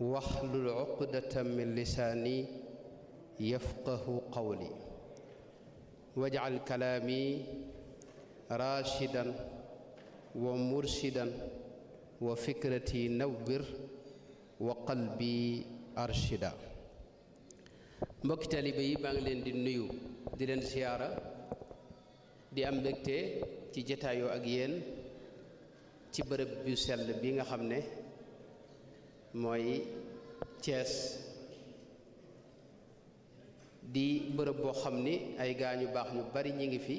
واحلل عقدة من لساني يفقه قولي واجعل كلامي راشدا ومرشدا وفكرتي نوّر وقلبي أرشدا مكتالي بي بانلين دي نيو دي لن سيارة دي أمبكتي تي جتايو أجيين تي برب يسال بي نخمني mooy Thiès di bërëb boo xam ni ay gaa ñu baax ñu bari ñu ngi fi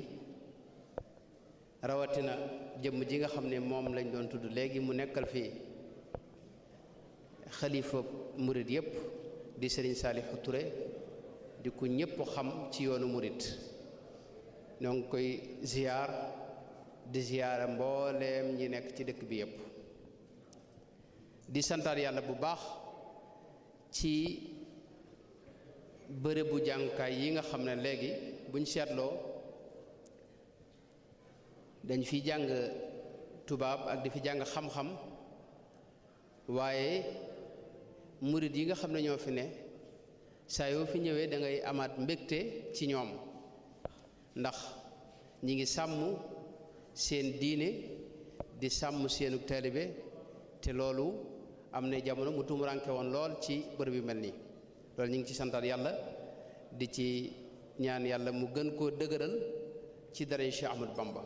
rawatina jëmm ji nga xam ne moom lañ doon tudd léegi mu nekkal fii xalifa murit yépp di sëriñ Saalihu Ture di ku ñépp xam ci yoonu murit ñoo ngi koy ziyaar di ziyaara mbooleem ñi nekk ci dëkk bi yépp di santar yalla bu bax ci bërëbu jankay yi nga xamne legi buñ setlo dañ fi jang tubab ak di fi jang xam-xam waye murid yi nga xamne ño fi ne saa yoo fi ñewé da ngay amaat mbekté ci ñom ndax ñi ngi sammu seen diiné di sammu seenu talibé té loolu am na jamono mu tumuranke woon lool ci bërëb yu mel nii loolu ñu ngi ci santal yàlla di ci ñaan yàlla mu gën koo dëgëral ci darey Cheikh Bamba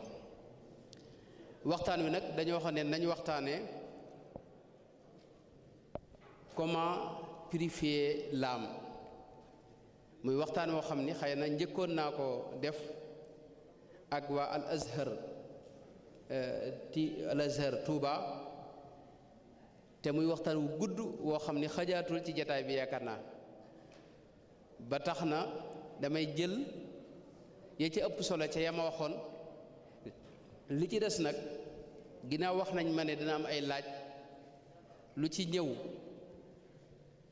waxtaan wi nag dañoo xam ne nañ waxtaanee comment purifier l'âme muy waxtaan woo xam ni xëy na njëkkoon naa ko def ak waa Al Azhar euh, ti Al Azhar Touba te muy waxtaan wu gudd woo xam ni xajaatul ci jataay bi yaakaar naa ba tax na damay jël ya ci ëpp solo ca ma waxoon li ci des nag ginnaaw wax nañ ma ne dina am ay laaj lu ci ñëw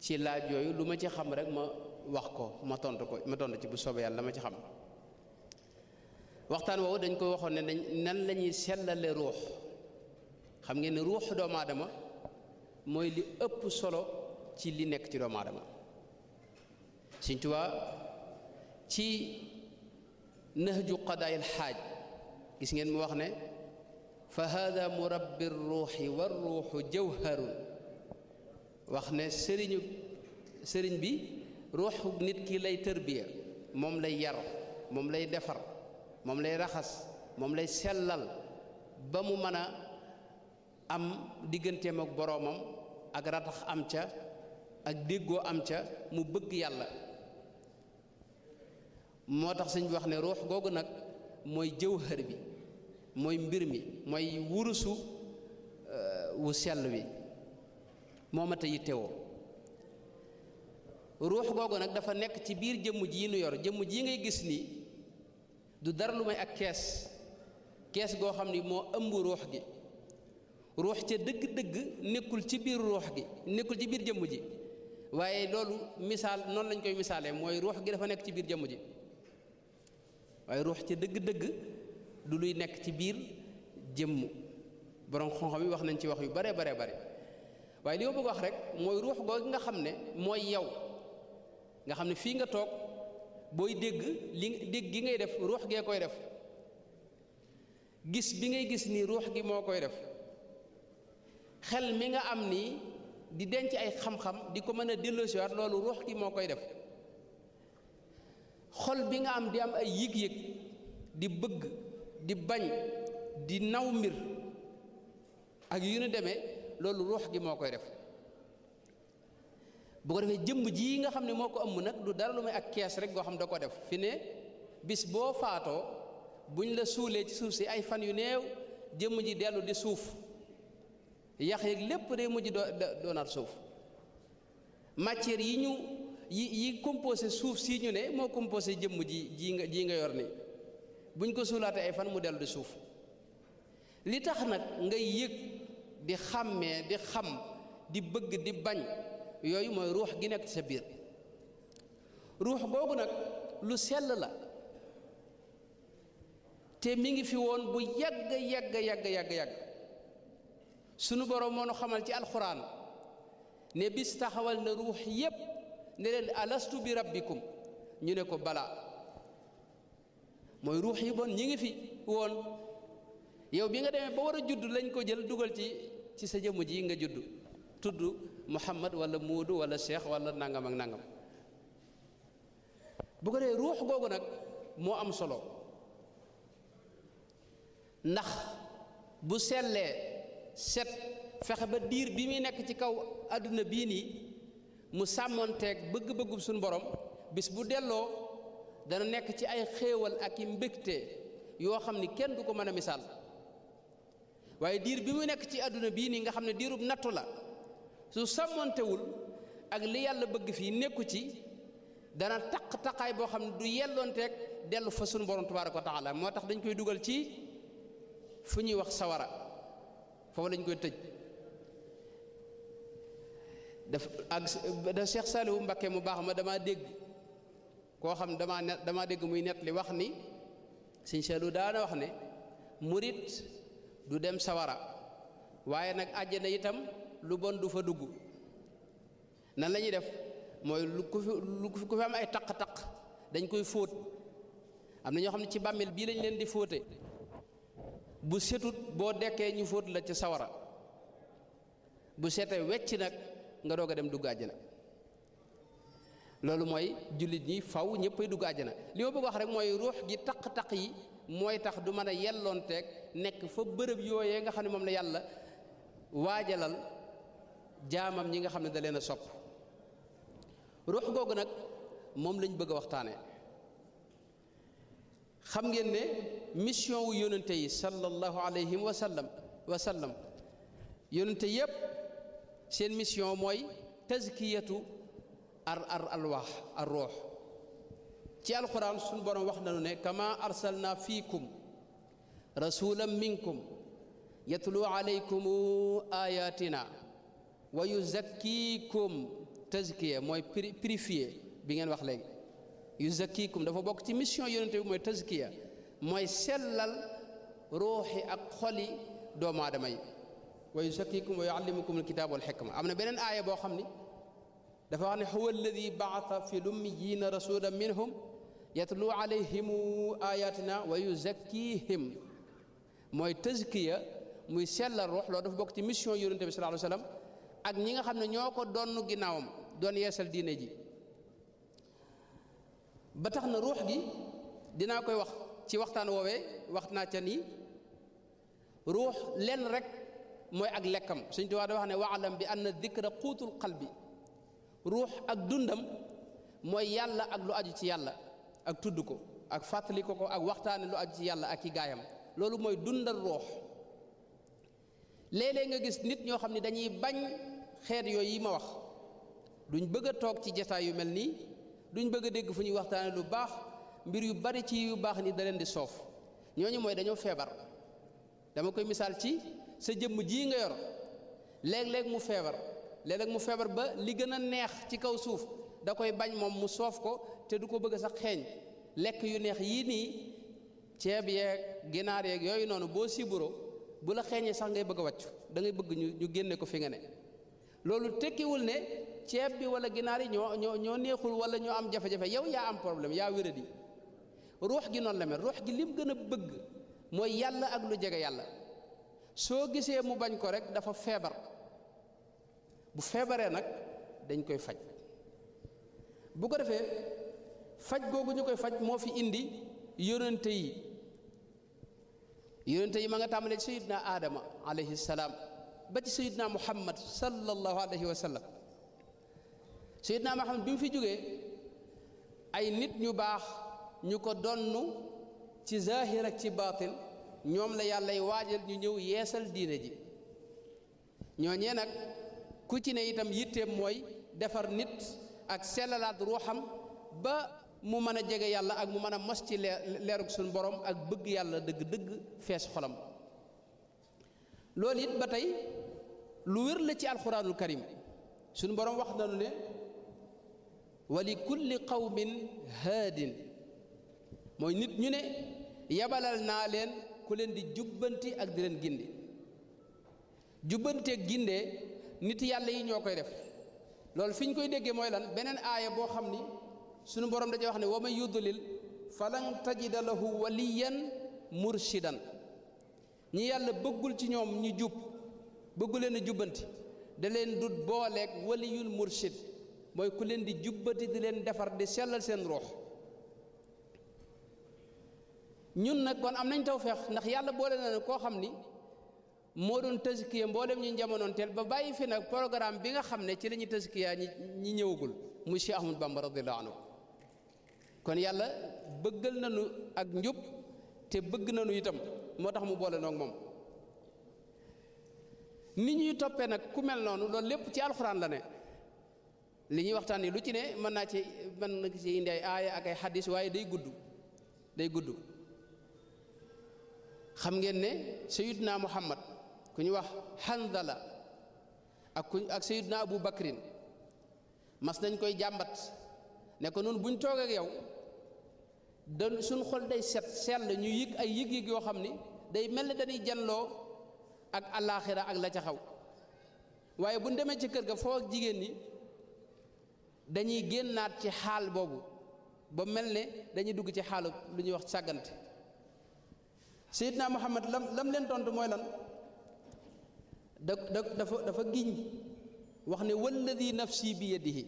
ci laaj yooyu lu ma ci xam rek ma wax ko ma tontu ko ma tontu ci bu soobee yàlla ma ci xam waxtaan woowu dañ koy waxoon ne dañ nan la sellale ruux xam ngeen ne ruux doomu aadama moy li ëpp solo ci li nekk ci doomu aadama Sëñ Tuubaa ci nahju al alxaaj gis ngeen mu wax ne fa hadha murabbi ruuxi wa ruuxu jawhar wax ne serignu serign bi ruuxu nit ki lay tërbiya mom lay yar mom lay defar mom lay raxas mom lay selal ba mu meuna am digeentem ak boromam ak ratax am ca ak déggoo am ca mu bëgg yàlla moo tax sëñ wax ne ruux googu nag mooy jëw jëwhër bi mooy mbir mi mooy wurusu euh, wu sell wi moomate ma tey yittewoo ruux googu nag dafa nekk ci biir jëmm ji nu yor jëmm ji ngay gis nii du dara lu may ak kees kees goo xam ni moo ëmb ruux gi ruux ca dëgg-dëgg nekkul ci biir ruux gi nekkul ci biir jëmm ji waaye loolu misaal noonu lañ koy misaalee mooy ruux gi dafa nekk ci biir jëmm ji waaye ruux ca dëgg-dëgg du luy nekk ci biir jëmm borom xam-xam yi wax nañ ci wax yu bare bare bare waaye li ma bëgg wax rek mooy ruux googu nga xam ne mooy yow nga xam ne fii nga toog booy dégg li dégg gi ngay def ruux gee koy def gis bi ngay gis ni ruux gi moo koy def xel mi nga am nii di denc ay xam-xam di ko mën a delloosiwaat loolu ruux gi moo koy def xol bi nga am di am ay yëg-yëg di bëgg di bañ di naw mbir ak yu nu demee loolu ruux gi moo koy def bu ko defee jëmb ji nga xam ne moo ko ëmb nag du dara lu may ak kees rek goo xam da ko def fi ne bis boo faatoo buñ la suulee ci suuf si ay fan yu neew jëmm ji dellu di suuf yax yeeg lepp day mujj doonaat souf matière yi ñu yi yi composé suuf si ñu ne mo composé jëm ji ji nga ji nga yor ni buñ ko sulaté ay fan mu delu souf li tax nak ngay yek di xamé di xam di bëgg di bañ yoy moy ruh gi nek sa bir ruh googu nak lu sel la te mi ngi fi won bu yag yag yag yag yag sunu borom mo no xamal ci alquran ne bis tahawal na ruh yeb ne len alastu bi rabbikum ñu ne ko bala, moy ruh yi bon ñi ngi fi won yow bi nga demee ba wara judd lañ ko jël duggal ci ci sa jëm ji nga judd tuddu muhammad wala muudu wala cheikh wala nangam ak nangam bu ko dee ruh googu nak mo am solo ndax bu sellee set fexe ba diir bi muy nekk ci kaw àdduna bii nii mu sàmmoonteeg bëgg-bëggu suñu borom bis bu delloo dana nekk ci ay xéewal ak i mbégte yoo xam ni kenn du ko mën a misaal waaye diir bi mu nekk ci àdduna bii nii nga xam ne diirub nattu la su sàmmoontewul ak li yàlla bëgg fii nekku ci dana taq taqaay boo xam ne du yelloonteeg dellu fa sunu borom tabaaraka wa moo tax dañ koy dugal ci fu ñuy wax sawara foofu lañ koy tëj daf ak da Cheikh Saliou mu baax ma damaa dégg koo xam damaa ne damaa dégg muy net li wax ni sëñ Saliou daana wax ne murit du dem sawara waaye nag àjjana itam lu bon du fa dugg nan lañuy def mooy lu ku fi ku fi am ay taq-taq dañ koy fóot am na ñoo xam ne ci bàmmeel bii lañ leen di fóote bu setut boo dekkee ñu fóot la ca sawara bu setee wecc nag nga doog a dem dugg àjjana loolu mooy jullit yi faw ñëppay dugg àjjana li ma bëgg wax rek mooy ruux gi taq-taq yi mooy tax du mën a yelloonteeg nekk fa bërëb yooyee nga xam ne moom la yàlla waajalal jaamam ñi nga xam ne da leen a sopp ruux googu nag moom lañ bëgg a waxtaane xam ngeen ne mission wu yonente yi sallallahu alayhi wa sallam wa sallam yonente yépp seen mission mooy tazkiyatu ar ar alwaax ar ruux ci alquran sun borom wax nanu ne kama arsalna fikum rasulan minkum yatlu alaykum ayatina wa yuzakkikum tazkiya mooy purifier bi ngeen wax léegi yuzakikum dafa bokk ci mission yonente bi mooy tazkiya mooy sellal ruuxi ak xoli doomu aadama yi wa yuzakikum wa yuallimukum alkitaab wal xikma am na beneen aaya boo xam dafa wax ne huwa alladi baata fi lummiyina rasulan minhum yatlu alayhim ayatina wa yuzakkihim mooy tazkiya muy sellal ruux loolu dafa bokk ci mission yonente bi sallallahu alayhi wa sallam ak ñi nga xam ne ñoo ko donn yeesal diine ji ba tax na ruux gi dinaa koy wax ci waxtaan woowee wax naa ca nii ruux lenn rek mooy ak lekkam suñ Tuubaa da wax ne waalam bi anna dikra quutul qalbi ruux ak dundam mooy yàlla ak lu aju ci yàlla ak tudd ko ak fàttali ko ak waxtaane lu aju ci yàlla ak i gaayam loolu dundal ruux léeg-léeg nga gis nit ñoo xam ne dañuy bañ xeet yooyu yi ma wax duñ bëgg a ci jataay yu mel ñu bëgg a dégg fu ñuy waxtaane lu baax mbir yu bari ci yu baax nii daleen leen di soof ñooñu mooy dañoo feebar dama koy misaal ci sa jëmm ji nga yor leeg léeg mu feebar léeg-léeg mu feebar ba li gën a neex ci kaw suuf da koy bañ moom mu soof ko te du ko bëgg sax xeeñ lekk yu neex yii nii ceeb yeeg ginaar yeeg yooyu noonu boo siburo bu la xeeñee sax ngay bëgg a wàccu da bëgg ñu ñu génne ko fi nga ne loolu tekkiwul ne ceeb bi wala ginaar yi ñoo ñoo ñoo neexul wala ñoo am jafe-jafe yow yaa am problème yaa wéradi ruux gi noonu la ruux gi lim gën a bëgg mooy yàlla ak lu jege yàlla soo gisee mu bañ ko rek dafa feebar bu feebaree nag dañ koy faj bu ko defee faj googu ñu koy faj moo fi indi yónente yi yónente yi ma nga tàmbalee ci sayidna aadama alayhi salaam ba ci sayidna muhammad sallallahu alayhi wa sallam Seydina Muhammad bi mu fi jógee ay nit ñu baax ñu ko donn ci zaahir ak ci baatin ñoom la yàllay waajal ñu ñëw yeesal diine ji ñooñee nag ku ci ne itam yitteem mooy defar nit ak sellalaat ruuxam ba mu mën a jege yàlla ak mu mën a mos ci leerug suñu borom ak bëgg yàlla dëgg-dëgg fees xolam loolu it ba tey lu wér la ci alxuraanul karim suñu borom wax nañu ne wali li kulli qawmin haadin mooy nit ñu ne yabalal naa leen ku leen di jubbanti ak di leen gindi jubbanteeg ginde nit yàlla yi ñoo koy def loolu fi ñu koy déggee mooy lan beneen aaya boo xam ni sunu borom dañuy wax ne wa man yudlil falan tajida lahu waliyan murshidan ñi yàlla bëggul ci ñoom ñu jub bëggu leen a jubbanti da leen dut booleeg waliyul murshid mooy ku leen di jubbati di leen defar di sellal seen ruux ñun nag kon am nañ taw feex ndax yàlla boole na ne koo xam ni moo doon tëskiya mboolem ñu jamonoon teel ba bàyyi fi nag programme bi nga xam ne ci lañuy ñuy tëskiya ñi ñi ñëwagul muy Cheikh Ahmadou Bamba radiyallahu anhu kon yàlla bëggal nañu ak njub te bëgg nañu itam moo tax mu boole noog moom ni ñuy toppee nag ku mel noonu loolu lépp ci alxuraan la ne li ñuy waxtaan ni lu ci ne mën naa ci mën na ci indi ay aaya ak ay xaddis waaye day gudd day gudd xam ngeen ne sayidna muhammad ku ñu wax xandala ak ku ak sayidna abu bakrin mas nañ koy jàmbat ne ko nun buñ toog ak yow da suñ xol day set sell ñu yëg ay yëg-yëg yoo xam ni day mel ni dañuy janloo ak alaaxira ak la ca xaw waaye buñ demee ci kër ga foo ak jigéen ñi dañuy génnaat ci xaal boobu ba mel ne dañuy dugg ci xaalu lu ñuy wax sàggante Seydina Muhammad lam lam leen tontu mooy lan da dafa dafa giñ wax ne walladi nafsi bi yadihi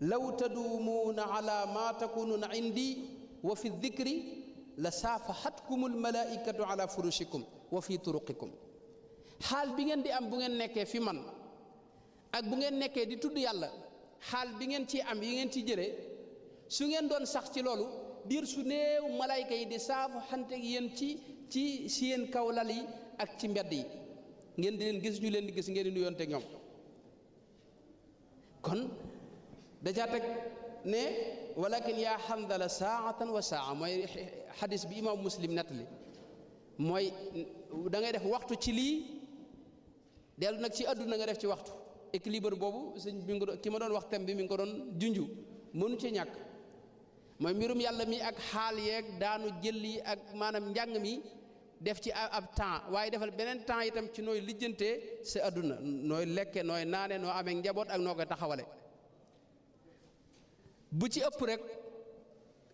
law taduumuuna ala ma takunuuna indi wa fi dikri la saafahatkum almalaikatu ala furushikum wa fi turuqikum xaal bi ngeen di am bu ngeen nekkee fi man ak bu ngeen nekkee di tudd yàlla xaal bi ngeen ci am yi ngeen ci jëlee su ngeen doon sax ci loolu diir su néew malayka yi di saafu xante yéen ci ci seen kaw lal yi ak ci mbedd yi ngeen di leen gis ñu leen gis ngeen di ñoom kon da teg ne walakin ya hamdala saatan wa saa moy hadith bi imam muslim natali moy da ngay def waxtu ci li delu nak ci aduna nga def ci waxtu équilibre boobu sëñ bi nga ki ma doon wax thème bi mu ngi ko doon junju mënu ci ñàkk mooy mbirum yàlla mi ak xaal yee daanu jël yi ak maanaam njàng mi def ci ab temps waaye defal beneen temps yi tam ci nooy lijjante sa adduna nooy lekke nooy naane noo amee njaboot ak noo koy taxawale bu ci ëpp rek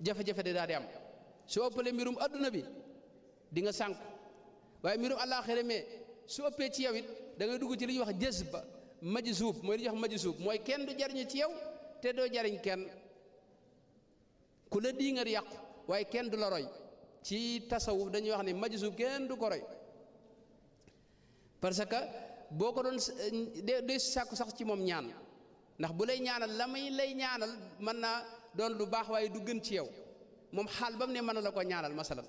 jafe-jafe de daal di am su ëppalee mbirum àdduna bi di nga sànq waaye mbirum àllaaxira mais su ëppee ci yow it da ngay dugg ci li ñuy wax jës ba majzub moy li jox majzub moy kenn du jarign ci yow te do jarign kenn ku la diingar yàqu waaye kenn du la roy ci tasawuf dañuy wax ne majzub kenn du ko roy parce que boko don de day sàkku sax ci mom ñaan ndax bu lay ñaanal lamay lay ñaanal man na don lu bax waaye du gën ci yow mom xal bam ne man la ko ñaanal masalan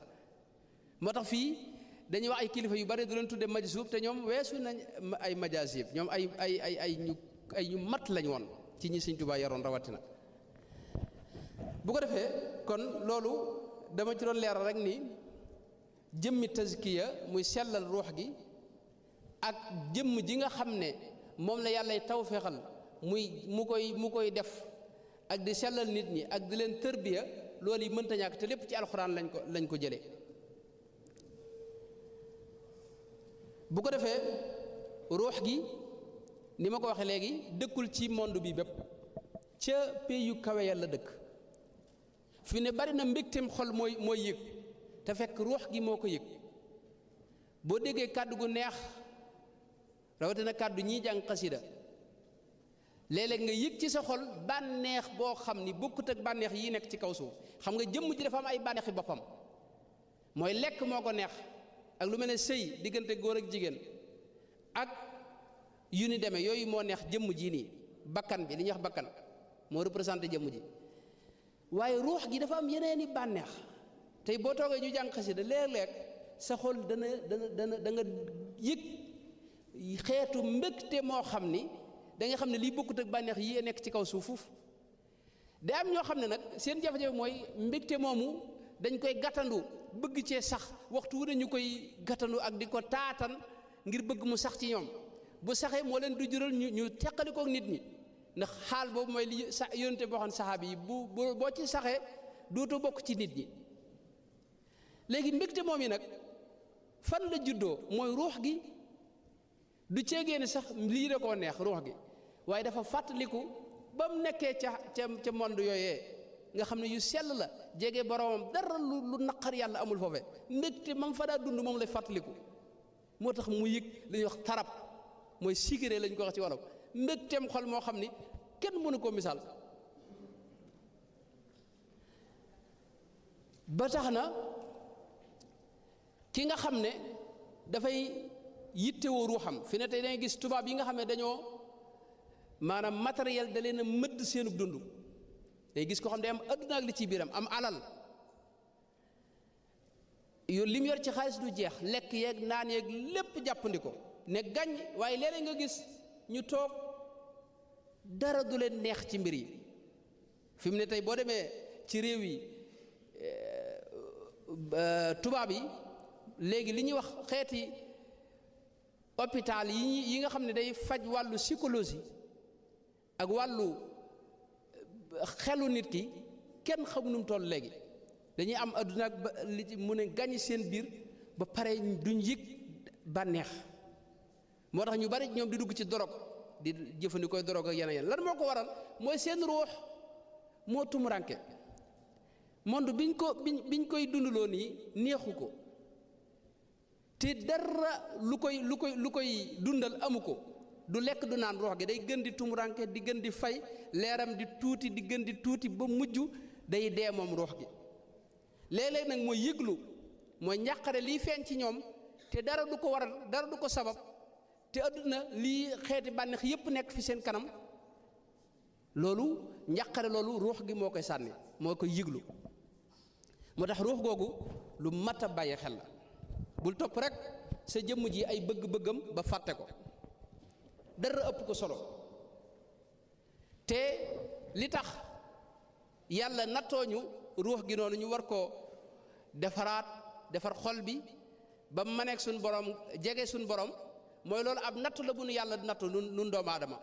motax fi dañuy wax ay kilifa yu bari du leen tudde majzuub te ñoom weesu nañ ay majaasib ñoom ay ay ay ay ñu ay ñu mat lañ woon ci ñi Sëñ Tuubaa yaroon rawatina bu ko defee kon loolu dama ci doon leeral rek ni jëmmi tazkiya muy sellal ruux gi ak jëmm ji nga xam ne moom la yàlla tawféexal muy mu koy mu koy def ak di sellal nit ñi ak di leen tërbiya loolu yi mënta ñàkk te lépp ci alxuraan lañ ko lañ ko jëlee bu ko defee ruux gi ni ma ko waxee léegi dëkkul ci monde bi bépp ca pays yu kawe yàlla dëkk fi ne bari na mbégteem xol mooy mooy yëg te fekk ruux gi moo ko yëg boo déggee kàddu gu neex rawatina kàddu ñiy jàng xasida léeg nga yëg ci sa xol bànneex boo xam ni bokkut ak bànneex yi nekk ci kaw suuf xam nga jëmm ji dafa ay ay bànneexi boppam mooy lekk moo ko neex ak lu melni sey digënté goor ak jigen ak yu ni démé yoy mo neex jëm ji ni bakkan bi li ñax bakkan mo représenter jëm ji waye ruh gi dafa am yeneeni banex tay bo toogee ñu jàng da léeg-léeg sa xol dana dana dana da nga yëg xéetu mbégte mo xamni da nga xamni li bokut ak banex yi nekk ci kaw suufuf da am ño xamni nak seen jafé jafe mooy mbégte dañ koy gatanu bëgg ci sax waxtu wu dañ koy gàttandu ak di ko taatan ngir bëgg mu sax ci ñom bu saxé mo leen du jural ñu ñu teqalikoog nit ñi ndax xaal boobu moy li sa yonte boxoon sahabi bu bo ci saxé dooto bok ci nit ñi légui mbégte momi nak fan la juddo moy ruh gi du ceegee sax li da ko neex ruh gi waye dafa fatlikou bam nekké ci ci monde yoyé nga xamné yu sel la jege boromam dara lu lu naqar yàlla amul foofe mbégte mam fa daa dund moom lay fàttaliku moo tax mu yëg li wax tarab mooy sikire lañ ko wax ci wolof mbégteem xol moo xam ni kenn mënu koo misaal ba tax na ki nga xam ne dafay yittewoo xam fi ne te dangay gis tubaab yi nga xam ne dañoo maanaam matériel da leen a mëdd seenub dund day gis ko xam ne am adduna ak li ci biiram am alal yow lim yor ci xaalis du jeex lekk yeeg naan yeeg lépp jàppandi ne gañ waaye léeg nga gis ñu toog dara du leen neex ci mbir yi fi mu ne tey boo demee ci réew yi eh, tubaab yi léegi li ñuy wax xeeti hôpital yi yi nga xam ne day faj wàllu psychologie ak wàllu xelu nit ki kenn xam nu léegi dañuy am àdduna ak ba li mu ne gañi seen biir ba pare duñ yëg bànneex moo tax ñu bari ñoom di dugg ci dorog di jëfandikoo dorog ak yeneen yeneen lan moo ko waral mooy seen ruux moo tumuranke monde biñ ko biñ biñ koy dundaloo nii neexu ko te dara lu koy lu koy lu koy dundal amu ko du lek du nan roh gi day gën di tumuranke di gën di fay léram di tuti di gën di tuti ba mujju day dé mom roh gi lélé nak moy yeglu moy mooy li fën ci ñom té dara du ko war dara du ko sabab té aduna li xéti bànneex yépp nek fi seen kanam lolu njàqare lolu roh gi mo koy sanni mo koy yeglu motax roh ruux lu mata baye xel bul top rek sa jëm ji ay bëgg-bëggam ba faté ko dara ëpp ko solo te li tax yàlla nattooñu ruux gi noonu ñu war koo defaraat defar xol bi ba mu nekk suñ borom jege suñ borom mooy loolu ab nattu la bu yàlla nattu nun nun doomu aadama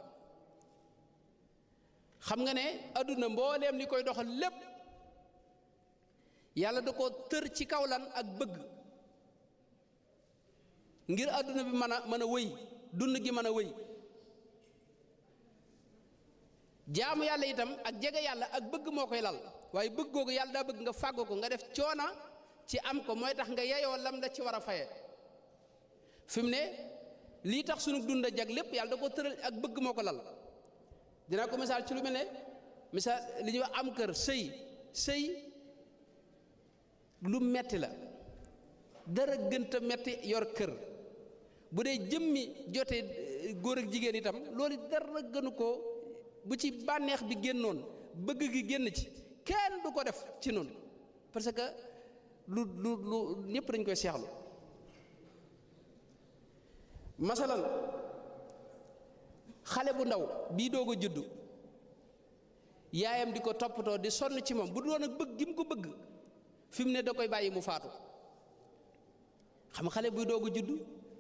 xam nga ne adduna mbooleem li koy doxal lépp yàlla da ko tër ci kaw lan ak bëgg ngir adduna bi mën a mën a wéy dunn gi mën a wéy jaamu yàlla itam ak jege yàlla ak bëgg moo koy lal waaye bëgg googu yàlla daa bëgg nga fàggu ko nga def coona ci am ko mooy tax nga yeyoo lam la ci war a faye fi mu ne lii tax sunu dund a jag lépp yàlla da ko tëral ak bëgg moo ko lal dina ko misaal ci lu mel ne misaal wax am kër sëy sëy lu metti la dara gënta metti yor kër bu dee jëmmi jotee góor ak jigéen tam loolu dara gënu ko bu ci bànneex bi génnoon bëgg gi génn ci kenn du ko def ci noonu parce que lu lu lu ñëpp dañ koy seexlu masalan xale bu ndaw bii doog a juddu yaayam di ko toppatoo di sonn ci moom bu doon ak bëgg gi mu ko bëgg fi mu ne da koy bàyyi mu faatu xam xale buy doog a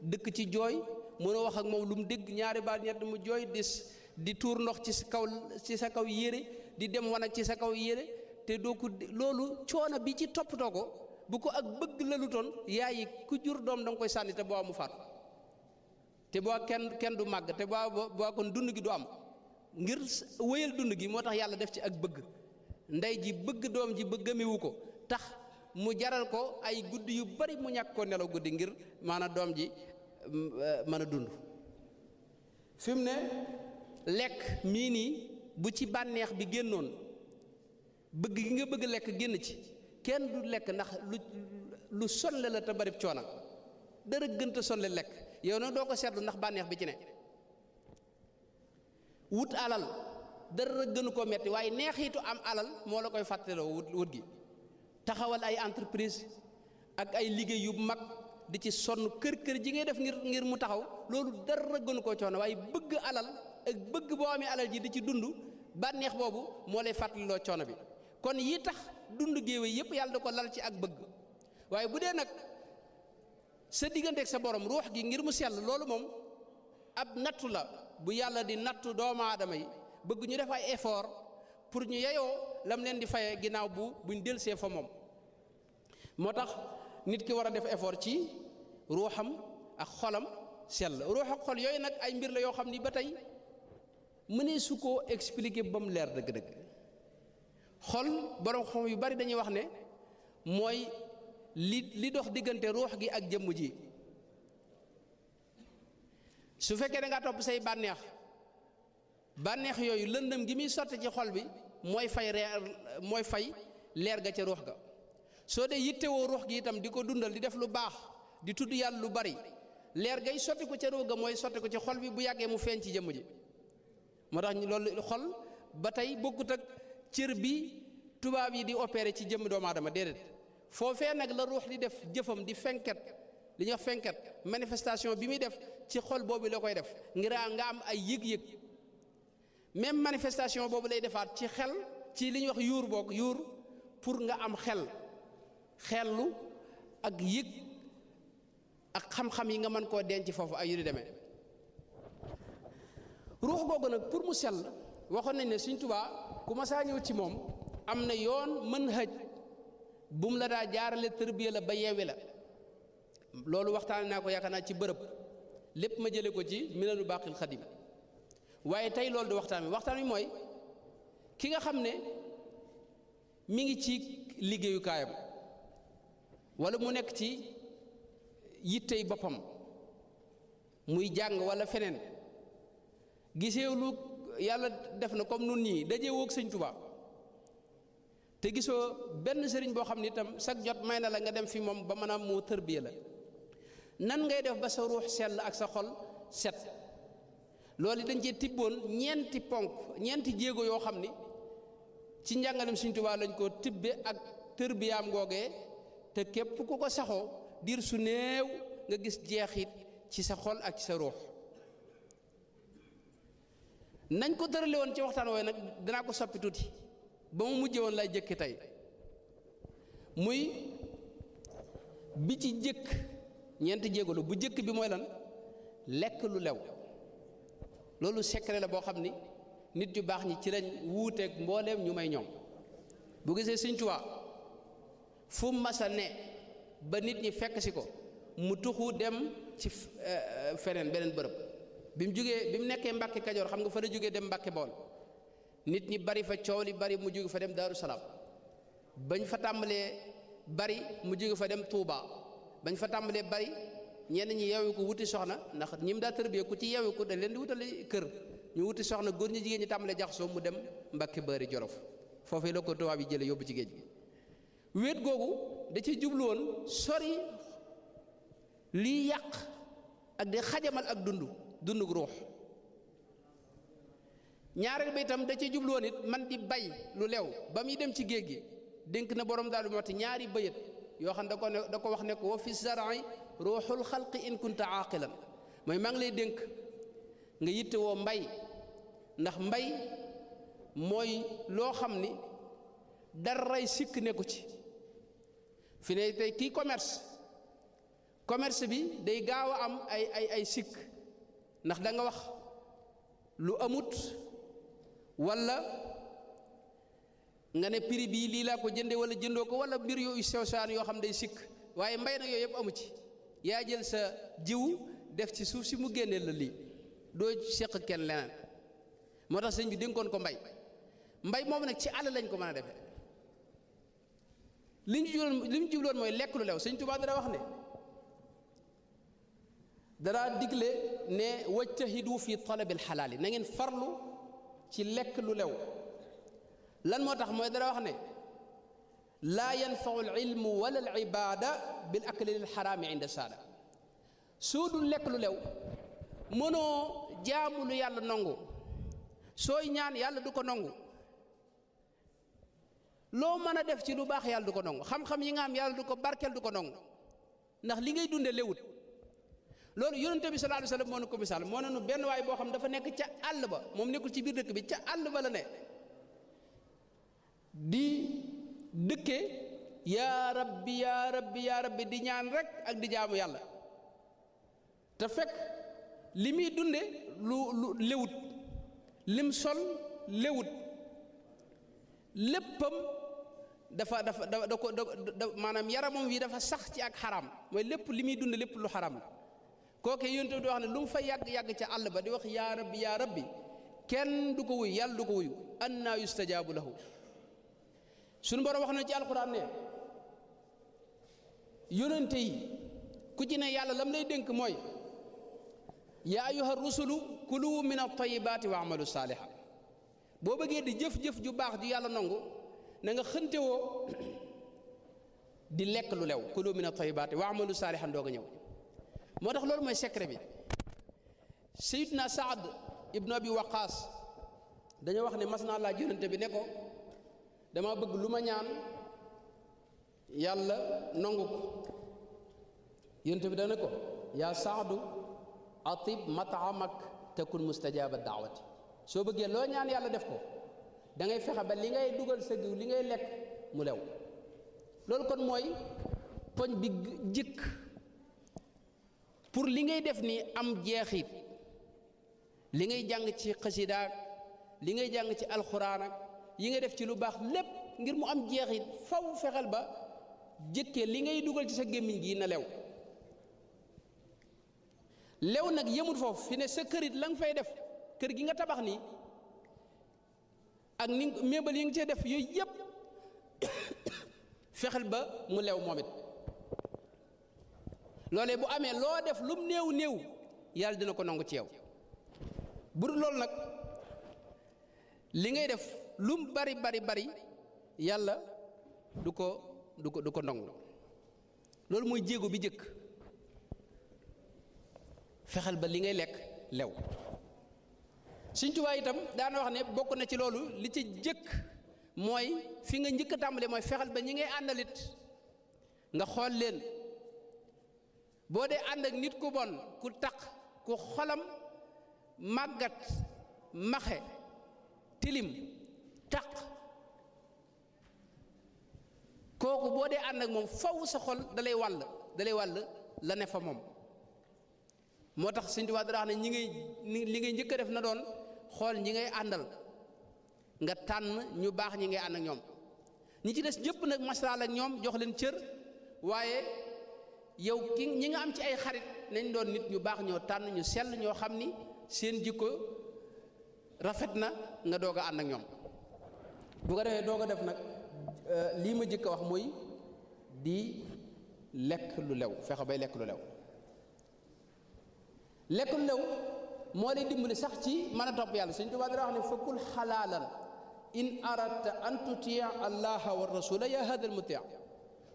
dëkk ci jooy mën a wax ak moom lu mu dégg ñaari baat ñett mu jooy dis di tuur ndox ci sa kaw ci sa kaw yére di dem wanag ci sa kaw yére te doo ko loolu coono bi ci toppatoo ko bu ko ak bëgg la lu toon yaay yi ku jur doom danga koy sànni te boo mu faatu te boo kenn kenn du màgg te boo boo kon dund gi du am ngir wéyal dund gi moo tax yàlla def ci ak bëgg ndey ji bëgg doom ji bëgg gëmewu ko tax mu jaral ko ay gudd yu bari mu ñàkk koo nelaw guddi ngir maanaam doom ji euh, mën a dund fi ne lekk mii nii bu ci bànneex bi génnoon bëgg gi nga bëgg lekk génn ci kenn du lekk ndax lu lu sonle la te bari coona dara gënta sonle lekk yow nag doo ko seetlu ndax bànneex bi ci ne wut alal dara gënu koo metti waaye neexitu am alal moo la koy fàtte wut wut gi taxawal ay entreprise ak ay liggéey yu mag di ci sonn kër kër ji ngay def ngir ngir mu taxaw loolu dara gënu koo coono waaye bëgg alal ak bëgg boo amee alal ji di ci dund bànneex boobu moo lay fàttaliloo coono bi kon yi tax dund géewe yëpp yàlla da ko lal ci ak bëgg waaye bu dee nag sa diggante ak sa borom ruux gi ngir mu sell loolu moom ab nattu la bu yàlla di nattu doomu aadama yi bëgg ñu def ay effort pour ñu yeyoo lam leen di faye ginnaaw bu buñ delsee fa moom moo tax nit ki war a def effort ci ruuxam ak xolam sell ruux ak xol yooyu nag ay mbir la yoo xam ni ba tey mënee suko expliquer bam leer deug deug xol borom xom yu bari dañuy wax ne moy li li dox diggante ruh gi ak jëm ji su fekkee da nga top say banex banex yoyu lëndëm gi mi sorti ci xol bi moy fay reer moy fay leer ga ci ruh ga de wo ruh gi itam di dundal di def lu bax di tuddu yalla lu bari leer gay sotti ko ci ruux ga ko ci xol bi bu yagge mu feeñ ci jëm ji moo tax loolu xol ba tey bokkut ak cër bi tubaab yi di opéré ci jëmmi doomu aadama déedéet foofee nag la ruux di def jëfam di fenket li ñuy wax fenket manifestation bi muy def ci xol boobu la koy def ngir nga am ay yëg-yëg même manifestation boobu lay defaat ci xel ci li ñuy wax yuur boog yuur pour nga am xel xellu ak yëg ak xam-xam yi nga mën koo denc foofu ay yu di demee ruux googu nag pour mu sell waxoon nañ ne Sëriñ Tuubaa ku ma saa ñëw ci moom am na yoon mën hëj bu mu la daa jaarale tërbiya la ba yeewi la loolu waxtaane naa ko yaakaar naa ci bërëb lépp ma jële ko ci minanu baaxil xadim waaye tey loolu du waxtaan wi waxtaan wi mooy ki nga xam ne mi ngi ci liggéeyukaayam wala mu nekk ci yittey boppam muy jàng wala feneen giseewlu yalla def na comme nun ni dajé wok tuba te té giso ben boo bo xamni tam sak jot mayna la nga dem fi mom ba mëna mo la nan ngay def ba sa ruh sel ak sa xol set loolu dañ ci tibbon ñenti ponk ñenti jéego yo xamni ni ci njàngalem sëñ touba lañ ko tibbe ak terbiyam googee te képp ku ko saxo diir su neew nga gis jeexit ci sa xol ak ci sa ruh nañ ko tërale woon ci waxtaan woy nag dinaa ko soppi tuuti ba mu mujje woon lay jëkki tey muy bi ci jëkk ñeenti jéegalu bu jëkk bi mooy lan lekk lu lew loolu secret la boo xam ni nit yu baax ñi ci la wuuteek mbooleem ñu may ñoom bu gisee Sëñ Tuubaa fu masa ne ba nit ñi fekk si ko mu tuxu dem ci euh, feneen beneen bërëb bi mu jógee bi mu nekkee Mbàkke Kajoor xam nga fa la jógee dem Mbàkke Bawol nit ñi bari fa coow li bari mu jóge fa dem Daaru Salaam bañ fa tàmbalee bari mu jóge fa dem Touba bañ fa tàmbalee bari ñenn ñi yeewu ko wuti soxna ndax ñi daa tërbiyee ku ci yeewu ko dañ leen di wutale kër ñu wuti soxna góor ñi jigéen ñi tàmbalee jaxasoo mu dem Mbàkke Bari Jolof foofee la ko tubaab yi jële yóbbu ci géej gi wéet googu da ci jublu woon sori lii yàq ak di xajamal ak dund dundug ruux ñaareel ba itam da ci jubluwoon it man di bay lu leew ba muy dem ci géej gi dénk na borom daal moo ti ñaari bayët yoo xam ne da ko wax ne ko wa fi zar'i ruuxul xalqi in kunta aaqilan mooy maa ngi lay dénk nga yitte woo mbay ndax mbay mooy loo xam ni daray sikk nekku ci fi ne tey kii commerce commerce bi day gaaw a am ay ay ay sikk ndax danga wax lu amut wala nga ne piri bii lii laa ko jënde wala jëndoo ko wala mbir yooyu sew saan yoo xam day sikk waaye mbay na yooyu yëpp amu ci yaa jël sa jiw def ci suuf si mu génnee la lii doo seq kenn leneen moo tax sëñ bi dénkoon ko mbay mbay moom nag ci àll lañ ko mën a defee li ñu jubloon mooy lekk lu lew sëñ Tuubaa dara wax ne dara digle ne wajtahidu fi talabi alxalaali na ngeen farlu ci lekk lu lew lan moo tax mooy dara wax ne laa yanfau alilmu wala alibada bil akli lilxaraami inda saada soo dul lekk lu lew mënoo jaamu lu yàlla nangu sooy ñaan yàlla du ko nangu loo mën a def ci lu baax yàlla du ko nangu xam-xam yi nga am yàlla du ko barkeel du ko nangu ndax li ngay dunde lewut loolu yonente bi sallallahu alayhi wasallam moo nu ko misaal moo ne nu benn waay boo xam dafa nekk ca àll ba moom nekkul ci biir dëkk bi ca àll ba la ne di dëkkee yaa rabbi yaa rabbi yaa rabbi di ñaan rek ak di jaamu yàlla te fekk li muy dunde lu lu léwut lim sol léwut léppam dafa dafa da da ko da maanaam yaramam wi dafa sax ci ak xaraam mooy lépp li muy dunde lépp lu xaraam la koke yonte do xane lum fa yag yag ci àll ba di wax ya rabbi ya rabbi ken du ko wuy yàlla du ko wuy anna yustajabu lahu suñu borom wax na ci alquran ne yonente yi ku ci ne yàlla lam lay dénk moy ya ayuha rusulu kulu min at wa wa'malu saaliha bo beugé di jëf-jëf ju bax ju yàlla nangu na nga xënte woo di lek lu lew kulu min at wa wa'malu saalihan do nga ñëw motax lolou moy secret bi sayyidna saad ibnu abi waqas dañu wax ni masna naa laaj bi ne ko dama bëgg luma ñaan yalla nangu ko bi dañ ko ya saadu atib matamak takun ad-da'wat so bëgge lo ñaan yalla def ko da ngay fexé ba li ngay duggal sa giw li ngay lek mu lew lolou kon moy poñ bi jik pour li ngay def nii am jeexit li ngay jàng ci xasidaak li ngay jàng ci alxuraan yi nga def ci lu baax lépp ngir mu am jeexit faw fexeel ba jëkkee li ngay dugal ci sa gémmiñ gi na lew lew nag yëmul foofu fi ne sa kërit la nga fay def kër gi nga tabax nii ak ni meebal yi nga cee def yooyu yëpp fexel ba mu lew moom loole bu amee loo def lum néew néew yàlla dina ko nangu ci yow bu dul loolu nag li ngay def lum bari bari bari yàlla du ko du ko du ko nangu loolu mooy jéego bi jëkk fexel ba li ngay lekk lew Sëñ Tuubaa itam daana wax ne bokk na ci loolu li ci jëkk mooy fi nga njëkk a tàmbale mooy fexel ba ñi ngay àndalit nga xool leen boo dee ànd ak nit ku bon ku taq ku xolam màggat maxe tilim taq kooku boo dee ànd ak moom faw sa xol dalay wàll dalay wàll la ne fa moom moo tax Sëñ Tuubaa dara wax ne ñi ngay li ngay njëkk a def na doon xool ñi ngay àndal nga tànn ñu baax ñi ngay ànd ak ñoom ñi ci des ñëpp nag masalaal ak ñoom jox leen cër waaye yow ki ñi nga am ci ay xarit nañ doon nit ñu baax ñoo tànn ñu sell ñoo xam ni seen jikko rafet na nga doog a ànd ak ñoom bu ko defee doog a def nag euh, lii ma jëkk a wax mooy di lekk lu lew fexe bay lekk lu lew lekk lu lew moo lay dimbali sax ci mën a topp yàlla suñ tubaab dina wax ne fakul xalaalan in aradta an tutia allaha wa rasula ya hada al mutia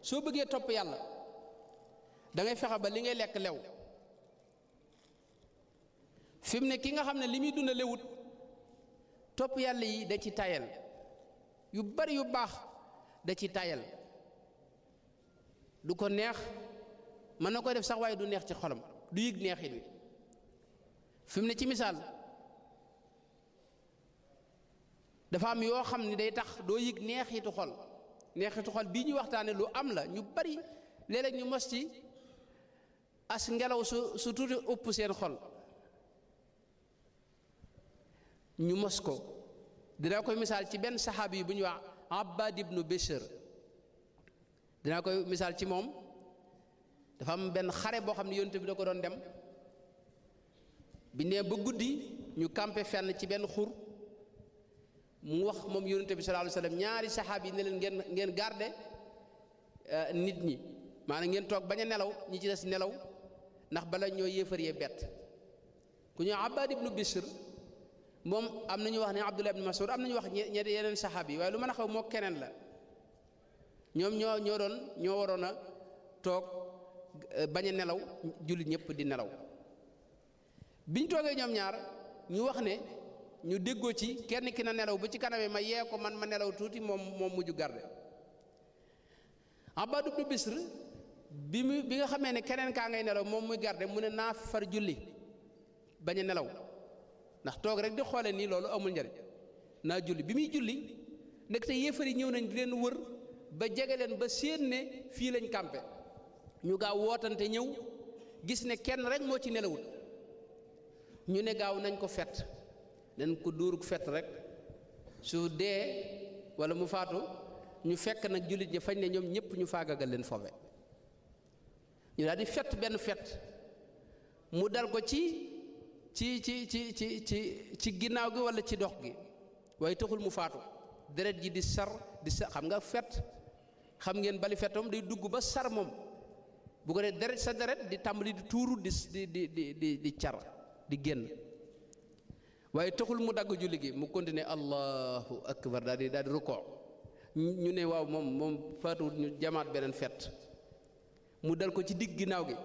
soo bëggee topp yàlla da ngay fexe ba li ngay lek lew fimne ki nga xamne limi dund lewut top yàlla yi da ci tayal yu bari yu bax da ci tayal du ko neex man nako def sax way du neex ci xolam du yig neexit wi fi mu ne ci misaal dafa am yo xamni day tax do yig neexitu xol neexitu xol bii ñu waxtaane lu am la ñu bari leleg ñu mosti ci as ngelaw su su tuuti upp seen xol ñu mos ko dinaa koy misaal ci benn saxaabi yi bu ñuy wax abbad ibnu bishr dinaa koy misaal ci moom dafa am benn xare boo xam ne yonent bi da ko doon dem bi nee ba guddi ñu campé fenn ci benn xur mu wax moom yonent bi sallallahu alayhi wasallam ñaari saxaab yi ne leen ngeen ngeen garde euh, nit ñi maanaam ngeen toog bañ a nelaw ñi ci des nelaw ndax bala ñoo yéefar yee bett ku ñoo abbad ibnu moom am nañu wax ne abdullah ibnu mas'ud am nañu wax ñe yeneen saxaab yi waaye lu mën a xaw moo keneen la ñoom ñoo doon ñoo waroon a toog euh, bañ a nelaw jullit ñëpp di nelaw bi ñu toogee ñoom ñaar ñu wax ne ñu déggoo ci kenn ki na nelaw bu ci kanamee ma yee ko man ma nelaw tuuti moom moom mujju garde Abbad ibnu bi mu bi nga xamee ne keneen kaa ngay nelaw moom muy garde mu ne naa far julli bañ a nelaw ndax toog rek di xoole nii loolu amul njariñ naa julli bi muy julli nag te yéefar yi ñëw nañ di leen wër ba jege leen ba séen ne fii lañ kàmpe ñu gaaw wootante ñëw gis ne kenn rek moo ci nelawul ñu ne gaaw nañ ko fett dañ ko dóorug fett rek su dee walla mu faatu ñu fekk nag jullit ñi fañ ne ñoom ñëpp ñu faagagal leen foofe ñu daal di fet benn fett mu dal ko ci ci ci ci ci ci ci ginnaaw gi walla ci dox gi waaye taxul mu faatu deret ji di sar di sar xam nga fet xam ngeen bali fett moom day dugg ba sar moom bu ko dee deret sa deret di tàmbali di tuuru di di di car di génn waaye taxul mu dagg julli gi mu continuer allahu akbar daal di daal di rukkoo ñu ne waaw moom moom faatuwut ñu jamaat beneen fet mu dal ko ci digg ginnaaw gi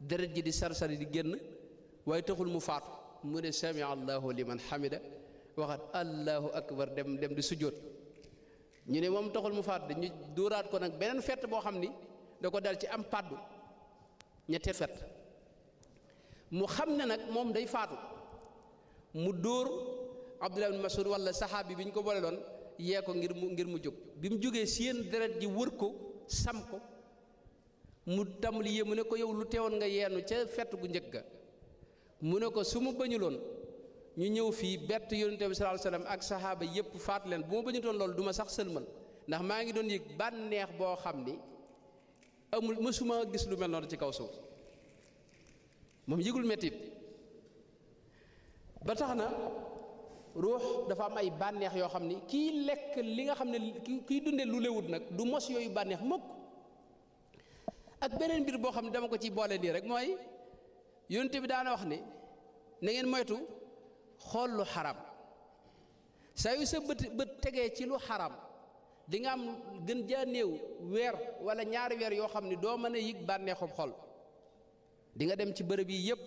deret ji di sarsari di génn waaye taxul mu faatu mu ne sami allahu liman hamida waxat allahu akbar dem dem di sujjóot ñu ne moom taxul mu faatu dañu dóoraat ko nag beneen fett boo xam ni da ko dal ci am pàddu ñetteel fett mu xam ne nag moom day faatu mu dóor abdullah ibn masud wala saxaabi bi ñu ko boole loon yee ko ngir mu ngir mu jóg bi mu jógee seen deret ji wër ko sam ko mu tàmbali yee mu ne ko yow lu teewoon nga yeenu ca fett gu njëkk ga mu ne ko su ma bañuloon ñu ñëw fii bett yonente bi sallallahu alayhi wasallam ak saxaaba yépp faat leen bu ma bañutoon loolu du ma sax sëlmal ndax maa ngi doon yëg bànneex boo xam ni amul mësuma gis lu mel noonu ci kaw suuf moom yëgul mettit ba tax na ruux dafa am ay bànneex yoo xam ni kiy lekk li nga xam ne kiy dunde lu lewut nag du mos yooyu bànneex mukk ak benen bir bo xamni dama ko ci bolé ni rek moy yoonte bi daana wax ni na ngeen moytu xol lu haram sa yu sa be tege ci lu haram di nga am gën ja néew wer wala ñaar wer yo xamni do doo yik a yëg xol di nga dem ci bërëb yi yëpp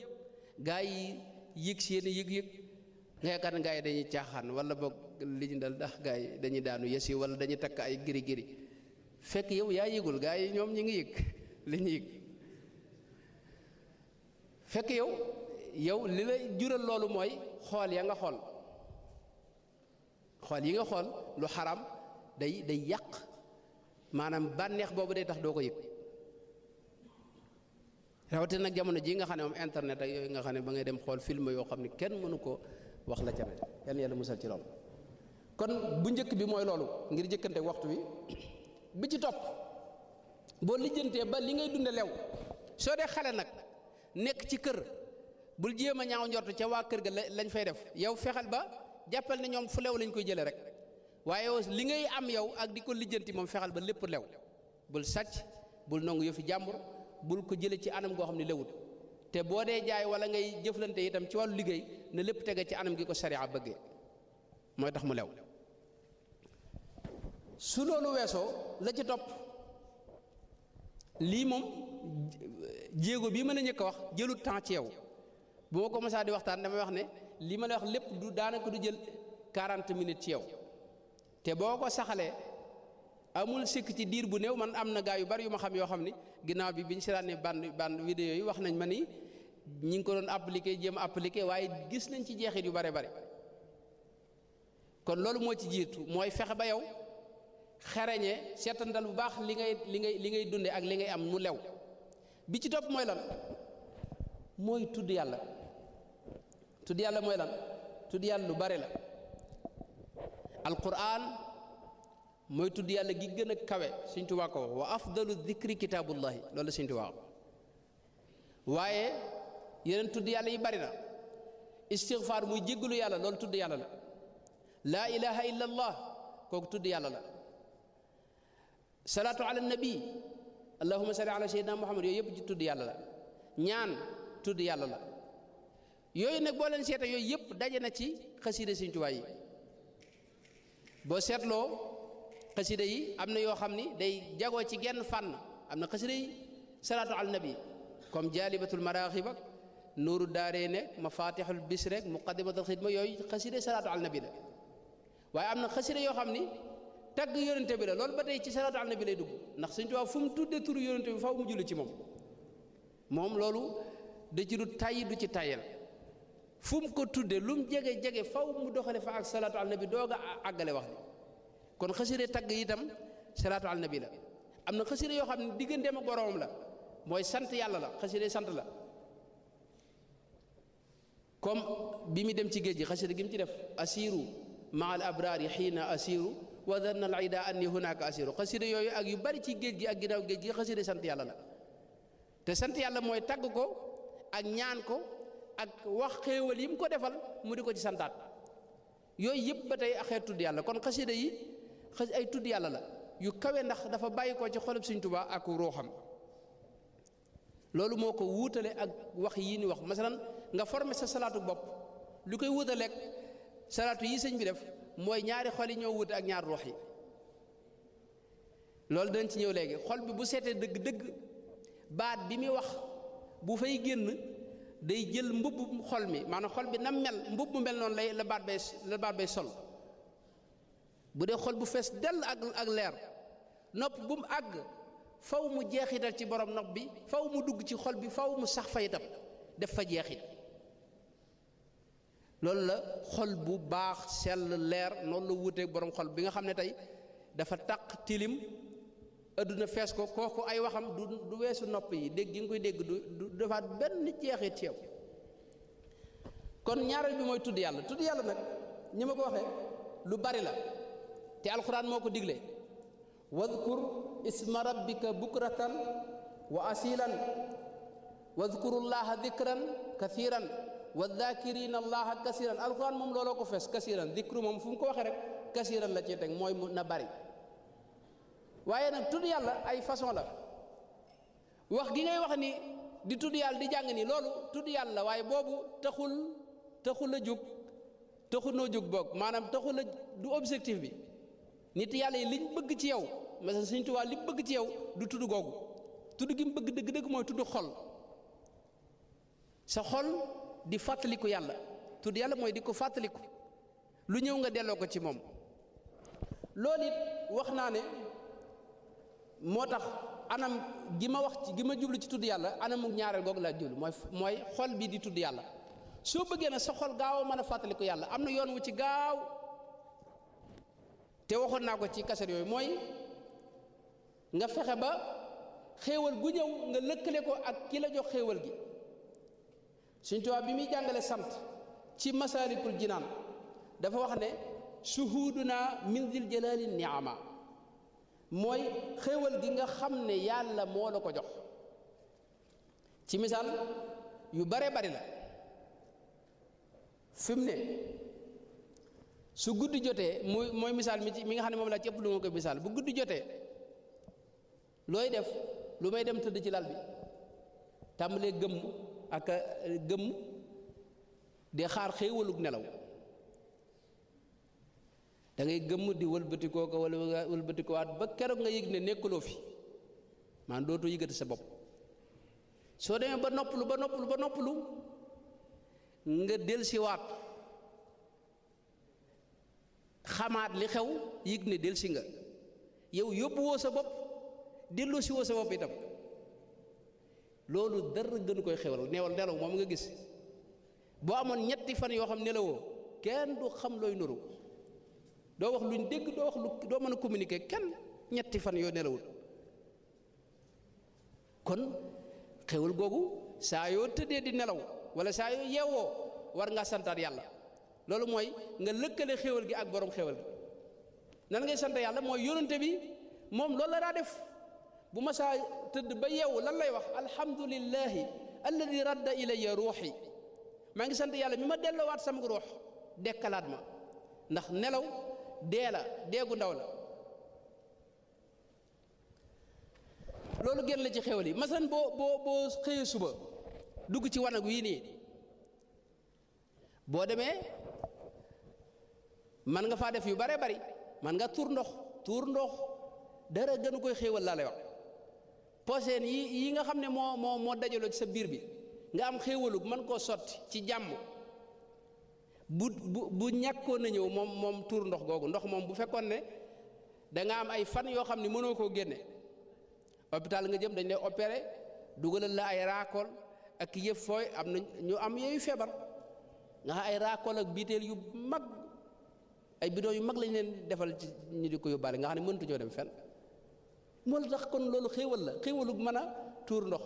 gaay yi yik seen yik yik ngay kan gaay dañuy wala bok liñ dal ndax gaay dañuy daanu yesi wala dañuy tak ay giri giri fekk yow yaa gay nyom yi ñoom ñi ngi li ñu yëg fekk yow yow li la jural loolu mooy xool ya nga xool xool yi nga xool lu xaram day day yàq maanaam bànneex boobu day tax doo ko yëg rawatina nag jamono jii nga xam ne moom internet ak yooyu nga xam ne ba ngay dem xool film yoo xam ne kenn mënu ko wax la ca ne kenn yàlla musal ci loolu kon bu njëkk bi mooy loolu ngir jëkkante waxtu wi bi ci topp boo lijjantee ba li ngay dunde lew soo dee xale nag nekk ci kër bul jéem a ñaaw njort ca waa kër ga lañ fay def yow fexeel ba jàppal ne ñoom fu lew lañ koy jëlee rek waaye li ngay am yow ak di ko lijjanti moom fexel ba lépp lew bul sàcc bul nongu yëfi jàmbur bul ko jëlee ci anam goo xam ne lewut te boo dee jaay wala ngay jëflante itam ci wàllu liggéey ne lépp tege ci anam gi ko sariya bëgge mooy tax mu lew su loolu weesoo la ci topp lii moom jéego bii mën a njëkk a wax jëlu temps ci yow boo ko mësaa di waxtaan damay wax ne lii ma la wax lépp du daanaka du jël 40 minutes ci yow te boo ko saxalee amul sikk ci diir bu néew man am na gaa yu bari yu ma xam yoo xam ni ginnaaw bi bi ñu seetaanee band band vidéo yi wax nañ ma ni ñi ngi ko doon appliqué jéem appliqué waaye gis nañ ci jeexit yu bare bare kon loolu moo ci jiitu mooy fexe ba yow. xereñe seetandal bu baax li ngay li ngay li ngay dunde ak li ngay am mu lew bi ci topp mooy lan mooy tudd yàlla tudd yàlla mooy lan tudd yàlla lu bare la alquran mooy tudd yàlla gi gën a kawe Sëñ Tuubaa ko wa afdalu dikri kitaabullahi loolu la Sëñ waaye yeneen tudd yàlla yi bari na istigfaar muy jéggalu yàlla loolu tudd yàlla la laa ilaha illa kooku tudd yàlla la salaatu ala nabi allahuma salli ala sayyidina muhammad yooyu yëpp ci tudd yàlla la ñaan tudd yàlla la yooyu nag boo leen seeta yooyu yëpp daje na ci xasida Sëñ Tuubaa yi boo seetloo xasida yi am na yoo xam ni day jagoo ci genn fànn am na xasida yi salaatu ala nabi comme jaalibatul maraaxib ak nuuru daaree nekk mafatixul bis rek muqaddimatul xidma yooyu xasida salaatu ala nabi la waaye am na xasida yoo xam ni tagg yonente bi la loolu ba tey ci salaatu ala lay dugg ndax Sëñ Tuubaa fu mu tuddee turu yonente bi faaw mu julli ci moom moom loolu da ci du tàyyi du ci tàyyal fu ko tuddee lu mu jege jege faw mu doxale fa ak salaatu ala nabi doog a àggale wax bi kon xasida tagg itam salaatu ala nabi la am na xasida yoo xam ne digganteem ak boroomam la mooy sant yàlla la xasida sant la comme bi muy dem ci géej gi xasida gi mu ci def asiru ma al abraari xiina asiru na wadanna al ida anni hunaka asiru xasida yooyu ak yu bari ci géej gi ak ginnaaw géej gi xasida sant yàlla la te sant yàlla mooy tagg ko ak ñaan ko ak wax xéewal yi mu ko defal mu di ko ci santaat yooyu yëpp ba tey axeet tudd yàlla kon xasida yi xas ay tudd yàlla la yu kawe ndax dafa bàyyi ko ci xolub Sëñ Tuubaa ak ruuxam loolu moo ko wuutale ak wax yii ni wax masalan nga formé sa salaatu bopp lu koy lekk salaatu yi sëñ bi def mooy ñaari xol yi ñoo wut ak ñaar ruux yi loolu dañ ci ñëw léegi xol bi bu seetee dëgg dëgg baat bi muy wax bu fay génn day jël mbubb xol mi maanaam xol bi na mel mbubb mu mel noonu lay la baat bay la baat bay sol bu dee xol bu fees dell ak ak leer nopp bu mu àgg faw mu jeexital ci borom nopp bi faw mu dugg ci xol bi faw mu sax fa def fa jeex jeexit loolu la xol bu baax sell leer noonu la wuuteeg borom xol bi nga xam ne tey dafa taq tilim adduna fees ko kooku ay waxam du weesu nopp yi dégg yi nga koy dégg du defaat benn jeexit ci kon ñaareel bi mooy tudd yàlla tudd yàlla nag ñi ma ko waxee lu bari la te alxuraan moo ko digle wadkur isma rabbika bukratan wa asilan wadkurullaha dikran kathiran wa dhakirina allaha kasiran alquran moom looloo ko fees kasiran dikru moom fu mu ko waxee rek kasiran la ci teg mooy na bari waaye nag tudd yàlla ay façon la wax gi ngay wax ni di tudd yàlla di jàng nii loolu tudd yàlla waaye boobu taxul taxul a jóg taxul noo jóg boog maanaam taxul a du objectif bi nit yàlla yi liñ bëgg ci yow mais Sëñ Tuubaa li bëgg ci yow du tudd googu tudd gi mu bëgg dëgg-dëgg mooy tudd xol sa xol di fàttaliku yàlla tudd yàlla mooy di ko fàttaliku lu ñëw nga delloo ko ci moom loolu it wax naa ne moo tax anam gi ma wax ci gi ma jublu ci tudd yàlla anamu ñaareel googu laa jublu mooy mooy xol bi di tudd yàlla soo bëggee na sa xol gaaw a mën a fàttaliku yàlla am na yoon wu ci gaaw te waxoon naa ko ci kaset yooyu mooy nga fexe ba xéewal gu ñëw nga lëkkale ko ak kii la jox xéewal gi Sëñ Tuubaa bi muy jàngale sant ci masaalikul jinaan dafa wax ne shuhuduna min dil jalaali niama mooy xéewal gi nga xam ne yàlla moo la ko jox ci misaal yu bare bari la fi mu ne su gudd jotee muy mooy misaal mi mi nga xam ne moom la ci ëpp lu ma koy misaal bu guddi jotee looy def lu may dem tëdd ci lal bi tàmbalee gëmm ak euh, gëm di xaar xéewalug nelaw dangay gëmm di wëlbatikoo ko wala ba keroog nga yëg ne nekkuloo fi maanaam dootoo yëgati sa bopp soo demee ba noppalu ba noppalu ba noppalu nga delsiwaat xamaat li xew yëg ne delsi nga yow yóbbu sa bopp dellu si woo sa bopp itam loolu dara gënu koy xewal neewal nelaw moom nga gis boo amoon ñetti fan yoo xam nelawoo kenn du xam looy nuru doo wax luñ dégg doo wax lu doo mën a communiquer kenn ñetti fan yoo nelawul kon xewal googu saa yoo tëddee di nelaw wala saa yoo yeewoo war ngaa santaat yàlla loolu mooy nga lëkkale xewal gi ak boroom xewal gi nan ngay sant yàlla mooy yónante bi moom loolu la daa def بمشى تدبي ولا لا يوح الحمد لله الذي رد إلي روحي ما عندي سنت يالله مما دل وارد سمع روح ده كلام ما نخ نلو ديلا ديا غندا ولا لولو جن لجي خيولي مثلا بو بو بو خيو سبا دوغي تي وانا غويني بو دمي man nga fa def yu bare bare man nga tour ndox tour ndox dara gënu koy xéewal la pooseen yi yi nga xam ne moo moo moo dajaloo ci sa biir bi nga am xéewalug man koo sotti ci jàmm bu bu bu ñàkkoon a ñëw moom tuur ndox googu ndox moom bu fekkoon ne danga am ay fan yoo xam ne mënoo koo génne hôpital nga jëm dañ lay opéré dugalal la ay raakool ak yëf fooy am na ñu am yooyu feebar nga ay raakool ak biiteel yu mag ay bidon yu mag lañ leen defal ci ñu di ko yóbbaale nga xam ne mënatuñoo dem fenn moo la tax kon loolu xéewal la xéewalug mën a tuur ndox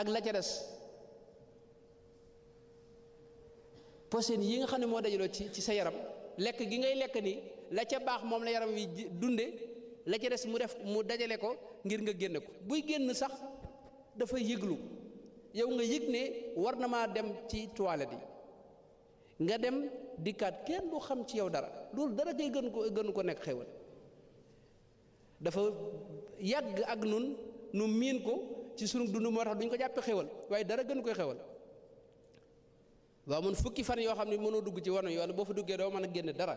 ak la ca des posen yi nga xam ne moo dajaloo ci ci sa yaram lekk gi ngay lekk ni la ca baax moom la yaram wi dunde la ca des mu def mu dajale ko ngir nga génne ko buy génn sax dafa yëglu yow nga yég ne war na maa dem ci toilette yi nga dem dikkaat kenn du xam ci yow dara loolu dara kay gën ko gën ko nekk xéewal dafa yàgg ak nun nu miin ko ci sunu dund moo tax duñ ko jàppe xewal waaye dara gën koy xewal waaw mun fukki fan yoo xam ne mënoo dugg ci wanu yoon boo fa duggee doo mën a génn dara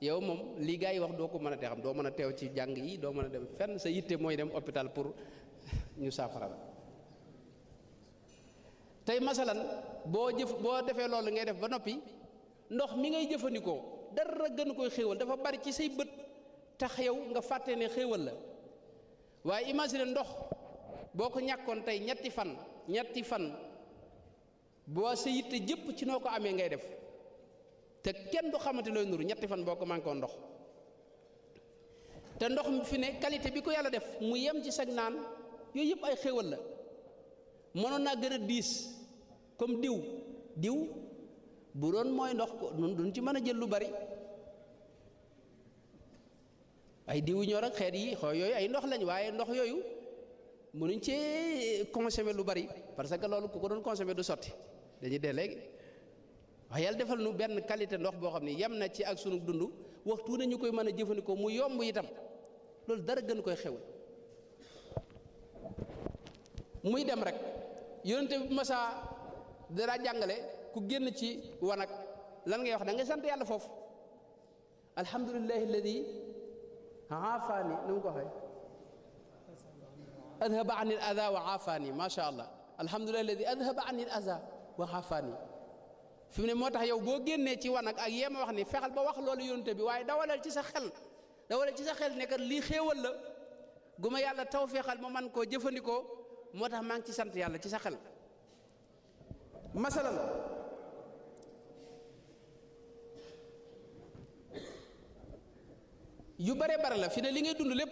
yow moom lii gaa yi wax doo ko mën a te xam doo mën a teew ci jàng yi doo mën a dem fenn sa yitte mooy dem hôpital pour ñu saafara tey masalan boo jëf defee loolu ngay def ba noppi ndox mi ngay jëfandikoo dara gën koy xéewal dafa bari ci say bët tax yow nga fàtte ne xéewal la waaye imagine ndox boo ko ñàkkoon tey ñetti fan ñetti fan boo sa yitte jëpp ci noo ko amee ngay def te kenn du xamante looy nuru ñetti fan boo ko mànkoon ndox te ndox mi fi ne qualité bi ko yàlla def mu yem ci sag naan yooyu yëpp ay xéewal la mënoon naa gën a diis comme diw diw bu doon mooy ndox ko nun duñ ci mën a jël lu bari ay diwu ñor ak xeet yi xoy yoy ay ndox lañ waye ndox yoyu mënuñ ci consommer lu bari parce que lolu ku ko doon consommer du soti dañu dé légui wa yalla defal nu benn qualité ndox bo xamni ne na ci ak suñu dundu waxtu ne ñu koy mën mu yomb itam lolu dara gën koy xewul muy dem rek yonente bi masa dara jangalé ku génn ci wanak lan ngay wax da ngay sant yalla fofu alladhi عافاني نقول هاي أذهب عن الأذى وعافاني ما شاء الله الحمد لله الذي أذهب عن الأذى وعافاني في من موت هيا وبوجين نتي وانا أيام وحني فعل بواخ لول ينتبه واي دولة تيسا خل دولة تيسا خل نكر لي خي ولا قم يا الله توفي خل ممن كو جفني كو موت هم عن تيسا خل مثلا yu bare bare la fi ne li ngay dund lépp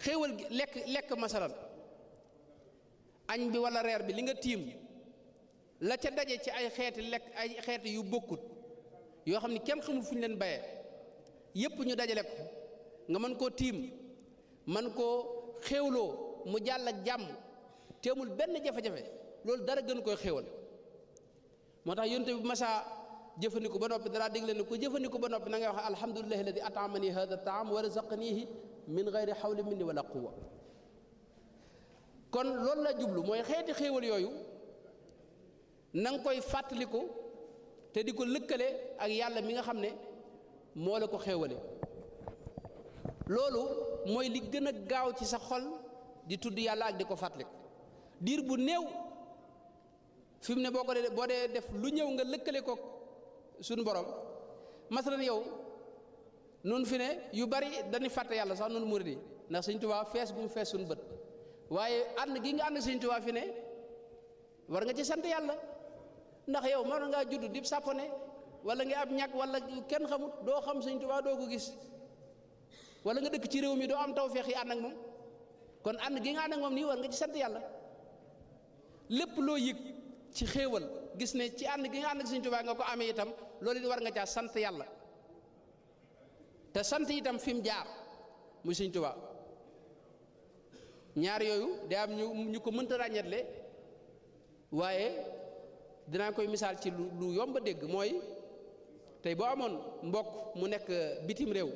xéewal lekk lekk masalan añ bi walla reer bi li nga tiim la ca daje ci ay xeeti lekk ay xeeti yu bokkut yoo xam ni kenn xamul fu ñu leen bayee yépp ñu dajale ko nga mën koo tiim man koo xéewloo mu jàll jàmm te benn jafe-jafe loolu dara gën koy xéewal moo tax yonte bi masaa jëfandiku ba nopi dara digle ni ku jëfandiku ba nopi na ngay wax alhamdullahi alladhi atamani hadha at'am wa razaqanihi min ghayri xawli minni wala quwwa kon lool la jublu moy xeeti xéewal yoyu nang koy fatlikou te diko lëkkale ak yàlla mi nga xamne mo la ko xéewale loolu moy li gëna gaaw ci sa xol di tuddu yàlla ak diko fatlik dir bu néew fimne boko ne boo ko def lu ñëw nga lëkkale ko suñu borom masalan yow nun fi ne yu bari dañuy fàtte yàlla sax nun murid yi ndax sëñ Tuubaa fees bu mu fees suñu bët waaye ànd gi nga ànd sëñ Tuubaa fi ne war nga ci sant yàlla ndax yow mën ngaa judd di sàppone wala nga ab ñàkk wala kenn xamut doo xam sëñ Tuubaa doo ko gis wala nga dëkk ci réew mi doo am tawféex yi ànd nag moom kon ànd gi nga ànd ak moom nii war nga ci sant yàlla lépp loo yëg ci xéewal gis ne ci ànd gi nga ànd ak Sëñ Tuubaa nga ko amee itam loolu it war nga caa sant yàlla te sant yitam fi mu jaar muy Sëñ Tuubaa ñaar yooyu day am ñu ñu ko mënta ràññetle waaye dinaa koy misaal ci lu lu yomb dégg mooy tey boo amoon mbokk mu nekk bitim réew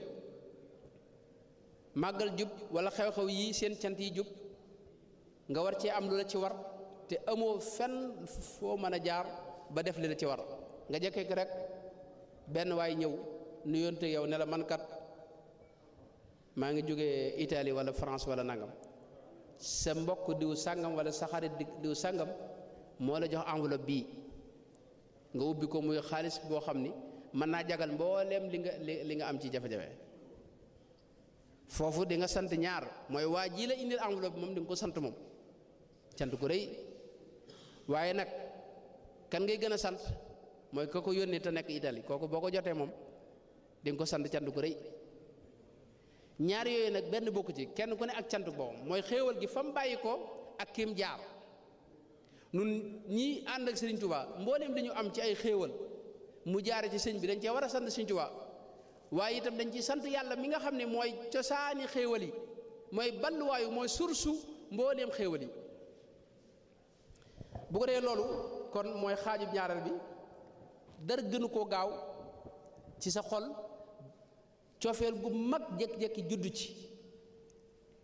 màggal jub wala xew-xew yi seen cant yi jub nga war ci am lu la ci war te amoo fenn foo mën a jaar ba def li la ci war nga jëkkee rek benn waay ñëw nuyoonte yow ne la man kat maa ngi jógee Italie wala France wala nangam sa mbokk diw sàngam wala sa xarit diw sàngam moo la jox enveloppe bii nga ubbi ko muy xaalis boo xam ni mën naa jagal mbooleem li nga li nga am ci jafe-jafe foofu di nga sant ñaar mooy waa ji la indil enveloppe moom di nga ko sant moom ko rëy waaye nag kan ngay gën a sant mooy ka ko yónnee te nekk Italie kooku boo ko jotee moom di ko sant cant gu rëy ñaar yooyu nag benn bokku ci kenn ku ne ak cant boppam mooy xéewal gi fa mu bàyyi ko ak kim jaar nun ñii ànd ak Serigne Touba mbooleem dañu am ci ay xéewal mu jaare ci sëñ bi dañ cee war a sant Serigne Touba waaye itam dañ ci sant yàlla mi nga xam ne mooy cosaani xéewal yi mooy balluwaayu mooy sursu mbooleem xéewal yi bu ko dee loolu kon mooy xaajub ñaareel bi dara gënu koo gaaw ci sa xol cofeel bu mag jékki-jékki juddu ci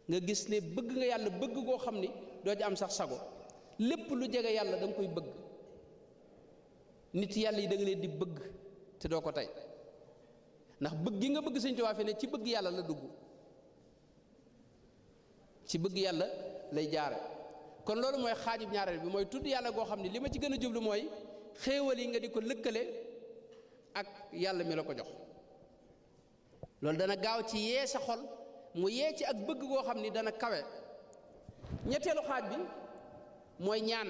nga gis ne bëgg nga yàlla bëgg goo xam ni doo ci am sax sago lépp lu jege yàlla da koy bëgg nit yàlla yi da leen di bëgg te doo ko tey ndax bëgg gi nga bëgg Sëñ Tuubaa fi ne ci bëgg yàlla la dugg ci bëgg yàlla lay jaare kon loolu mooy xaajub ñaareel bi mooy tudd yàlla goo xam ne li ma ci gën a jublu mooy xéewal yi nga di ko lëkkale ak yàlla mi la ko jox loolu dana gaaw ci yee sa xol mu yee ci ak bëgg goo xam ni dana kawe ñetteelu xaaj bi mooy ñaan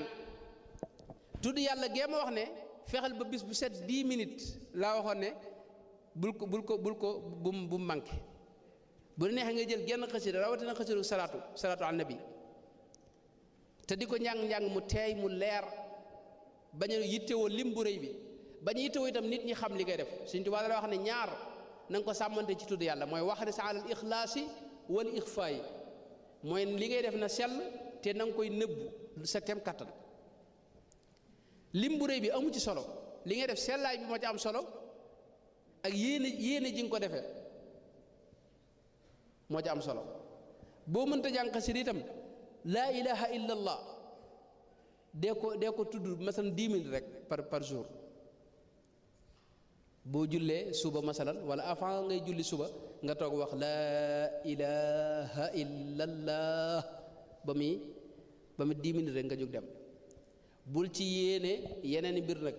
tudd yàlla gee ma wax ne fexeel ba bis bu set 10 minutes laa waxoon ne bul ko bul ko bul ko bu mu bu mu manqué bu neexee nga jël genn xasida rawatina xasidu salaatu salaatu al nabi te di ko njàng-njàng mu teey mu leer bañu yittewoo lim bu rëy bi bañu yittewoo itam nit ñi xam li ngay def Sëñ Tuubaa dala wax ne ñaar na nga ko sàmmante ci tudd yàlla mooy wax ne sa alal ixlaasi wal ixfaayi mooy li ngay def na sell te na koy nëbbu sa kàttan kattan lim bi amu ci solo li ngay def sellaay bi moo ci am solo ak yéene yéene ji nga ko defe moo ci am solo boo mënta jàng xasida itam la ilaha illallah de ko de ko tuddu masan 10000 rek par par jour bo julle suba masalan wala avant ngay julli suba nga tok wax la ilaha illallah bami bami 10000 rek nga jóg dem bul ci yene yeneen bir nag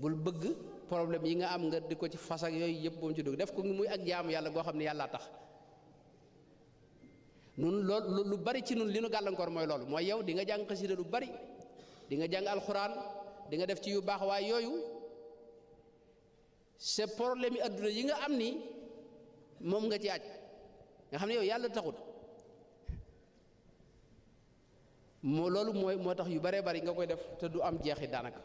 bul beug problème yi nga am nga diko ci fas ak yoy yëpp moom ci dug def ko muy ak jaamu yalla go xamni yalla tax nun lool lu bari ci nun li nu gàllankoor mooy loolu mooy yow di nga jàng xasida lu bari di nga jàng alxuraan di def ci yu baax waaye yooyu c'est problème yi adduna yi nga am ni moom nga ci aj nga xam ne yow yàlla taxut moo loolu mooy moo tax yu baree bari nga koy def te du am jeexi daanaka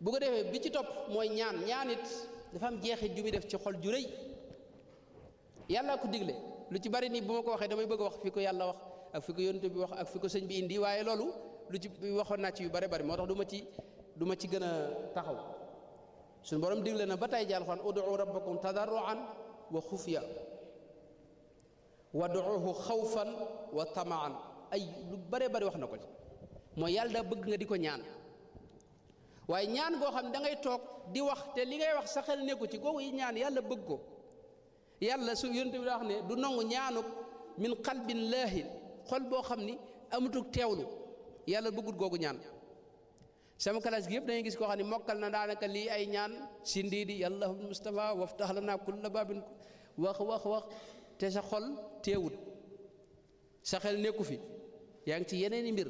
bu ko defee bi ci topp mooy ñaan ñaan it dafa am jeexit ju muy def ci xol ju rëy yàllaa ko digle lu ci bari nii bu ma ko waxee damay bëgg a wax fi ko yàlla wax ak fi ko yonent bi wax ak fi ko sëñ bi indi waaye loolu lu ci waxoon naa yu bari bari moo tax du ma ci du ma ci gën a taxaw suñu borom digle na ba tey ji alxuraan ud'u rabbakum tadarruan wa xufya wad'uhu xawfan wa tamaan ay lu bari bari wax na ko ci mooy yàlla daa bëgg nga di ko ñaan waaye ñaan goo xam da ngay toog di wax te li ngay wax sa xel nekku ci googu yi ñaan yàlla bëgg ko yàlla su yonent bi daa wax ne du nangu ñaanuk min qalbin xol boo xam ni teew teewlu yàlla bëggut googu ñaan sama classe gi yëpp dañuy gis koo xam ne mokkal na daanaka lii ay ñaan si ndiidi allahumma mustafa waftax lana kulla baabin wax wax wax te sa xol teewut sa xel nekku fi yaa ngi ci yeneen i mbir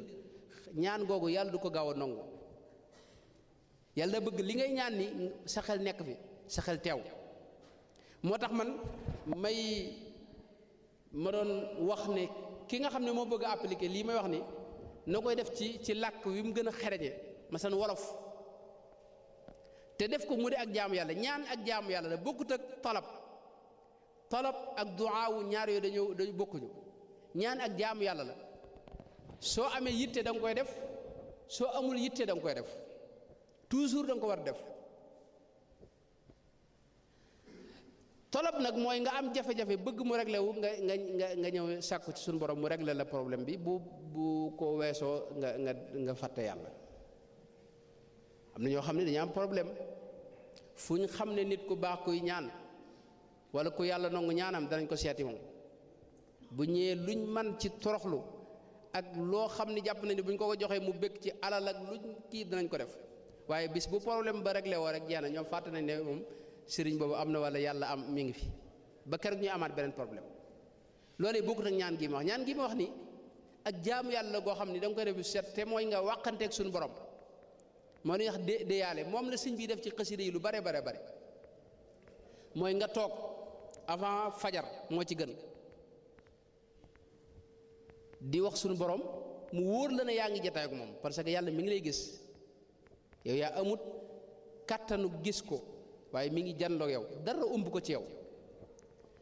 ñaan googu yàlla du ko gaaw a nangu yàlla bëgg li ngay ñaan ni sa xel nekk fi sa xel teew moo tax man may ma doon wax ne ki nga xam ne moo bëgg a appliquer lii may wax ni na koy def ci ci làkk wi mu gën a xereñe masan wolof te def ko mu di ak jaamu yàlla ñaan ak jaamu yàlla la bokkut ak talab talab ak duwaawu ñaar yooyu dañoo dañu bokkuñu ñaan ak jaamu yàlla la soo amee yitte da nga koy def soo amul yitte da nga koy def toujours da nga ko war def tolob nag moy nga am jafe-jafe bëgg mu réglé wu nga nga nga nga ñëw sakku ci suñu borom mu réglé la problème bi bu bu ko wéso nga nga nga faté yalla am na ñoo xam ne dañu am problème fuñ xamné nit ku baax koy ñaan wala ku yalla nangu ñaanam dañ ko séti bu luñ man ci toroxlu ak lo xamni japp nañu buñ ko ko joxee mu bëgg ci alal ak luñ ki ko def waye bis bu problème ba réglé wo rek jeex ñom faté nañ sëriñ boobu amna wala yalla am mi ngi fi ba keroog ñu amaat benen problème lolé bokku nak ñaan gi ma wax ñaan gi ma wax ni ak jaamu yalla go xamni dang koy def set té moy nga ak suñu borom mo ni wax de yalé mom la sëñ bi def ci qasida yi lu bare bare bare moy nga tok avant fajar mo ci gën di wax suñu borom mu woor la na yaangi ngi ak mom parce que yalla mi ngi lay gis yow ya amut katanu gis ko waaye mi ngi janloog yow dara ëmb ko ci yow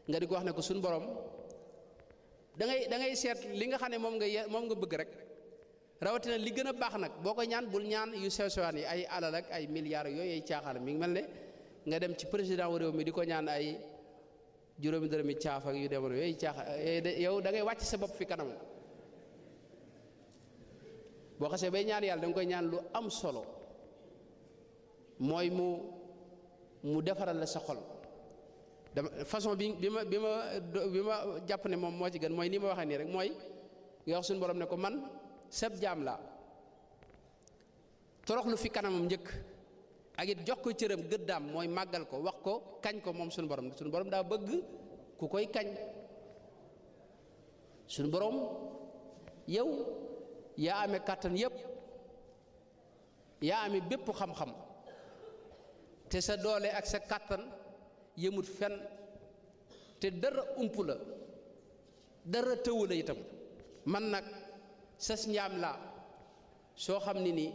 nga di ko wax ne ko suñu boroom dangay dangay da seet li nga xam ne moom nga moom nga bëgg rek rawatina li gën a baax nag boo ko ñaan bul ñaan yu sew sewaan yi ay alal ak ay milliards yooyu ay caaxaan mi ngi mel ne nga dem ci président wu réew mi di ko ñaan ay juróomi dërëmi caaf ak yu demoon yooyu caaxaan eh, yow da ngay wàcc sa bopp fi kanam boo xasee bay ñaan yàlla danga koy ñaan lu am solo mooy mu. mu defaral la sa xol façon bi bima bima bima japp ne mom mo ci gën moy ni ma waxe ni rek moy nga wax borom ne ko man sab la torox lu fi kanamam njëkk ak it jox ko cëram gëddam moy magal ko wax ko kañ ko mom sun borom sun borom da bëgg ku koy kañ sun borom yow yaa amé katan yépp yaa amé bëpp xam-xam te sa doole ak sa kàttan yëmut fen te dara ump la dara tëwu la itam man nag sas njaam laa soo xam ne nii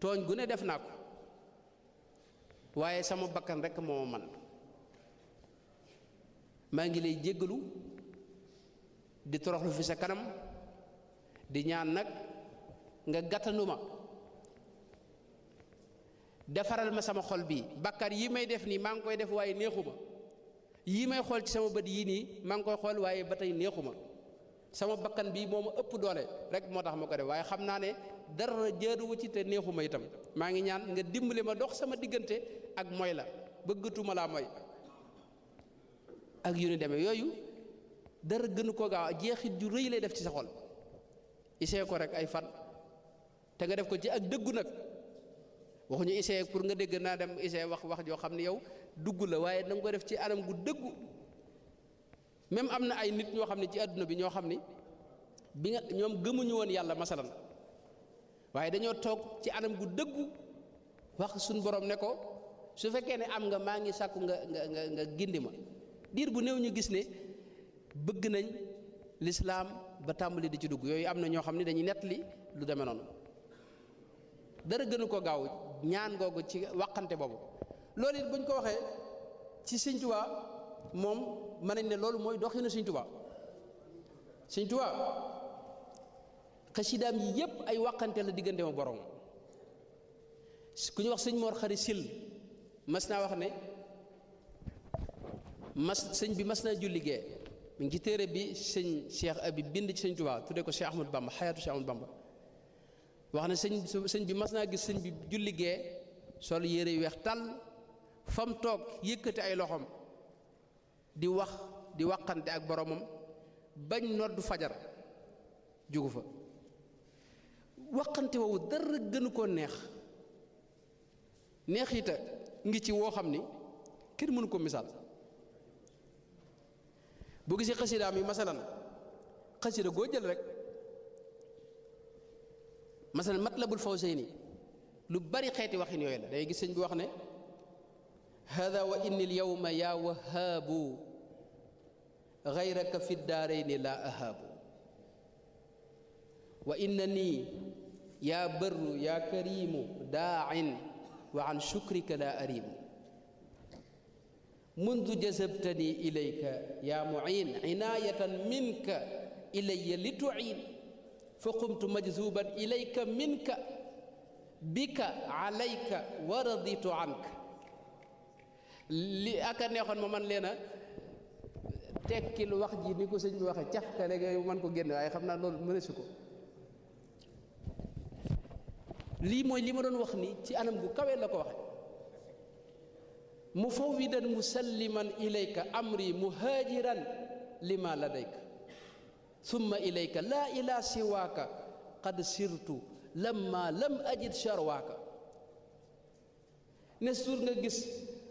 tooñ gu ne def naa ko waaye sama bakkan rekk moo man maa ngi lay jéggalu di toroxlu fi sa kanam di ñaan nag nga gàttanu ma defaral ma sama xol bi bakkar yi may def ni mang koy def waye neexuma yi may xol ci sama bët yi ni mang koy xol waye batay neexuma sama bakkan bi moma ma ëpp doole rek motax mako def waye xamna ne dara wu ci te neexuma itam ñaan nga dimbali ma dox sama diggante ak moy la bëggatuma la moy ak yu ni demee yooyu dara gënu ko gaaw jeexit ju rëy lay def ci sa xol isee ko rek ay fan te nga def ko ci ak deggu nak waxuñu essayé pour nga dégg naa dem essayé wax wax joo xam ne yow dugg la waaye danga nga ko def ci anam gu dëggu même am na ay nit ñoo xam ne ci àdduna bi ñoo xam ni bi nga ñoom gëmuñu woon yàlla masalan waaye dañoo toog ci anam gu dëggu wax suñ borom ne ko su fekkee ne am nga maa ngi sàkku nga nga nga gindi ma diir bu néew ñu gis ne bëgg nañ lislaam ba tàmbali di ci dugg yooyu am na ñoo xam ne dañuy nett li lu demee noonu dara gënu ko gaaw ñaan googu ci waqante boobu loolu it bañ ko waxee ci Sëñ Tuubaa moom mën nañ ne loolu mooy doxinu Sëñ Tuubaa Sëñ Tuubaa xasidaam yi yépp ay waxante la diggante ma borom ku ñu wax sëñ Mor Xari Sil mas naa wax ne mas sëñ bi mas naa julli gee mu ngi ci téere bi sëñ Cheikh Abi bind ci Sëñ Tuubaa tuddee ko Cheikh Ahmadou Bamba xayaatu Cheikh Ahmadou Bamba wax na sëñ sëñ bi mas naa gis sëñ bi julli gee sol yére yu weex tàll fam toog yëkkati ay loxoom di wax di waxante ak boromam bañ noddu fajar jugu fa waxante woowu dara gënu koo neex neex ita ngi ci woo xam ni kenn mënu ko misaal boo gisee xasidaam yi masalan xasida goo jël rek مثلا مطلب الفوزيني لو بري خيتي وخين يويلا داي غي سنج بي هذا وان اليوم يا وهاب غيرك في الدارين لا اهاب وانني يا بر يا كريم داع وعن شكرك لا اريب منذ جذبتني اليك يا معين عنايه منك الي لتعين فقمت مجذوبا إليك منك بك عليك ورضيت عنك li aka neexoon ma man leena tekkil wax ji ni ko sëñ bi waxe cax ka léegi man ko génn waaye xam naa loolu mëneesu ko lii mooy li ma doon wax ni ci anam gu kawee la ko waxe mufawwidan musalliman ilayka amri muhajiran lima ladayka ثم إليك لا إلى سواك قد سرت لما لم أجد شرواك نسور نجس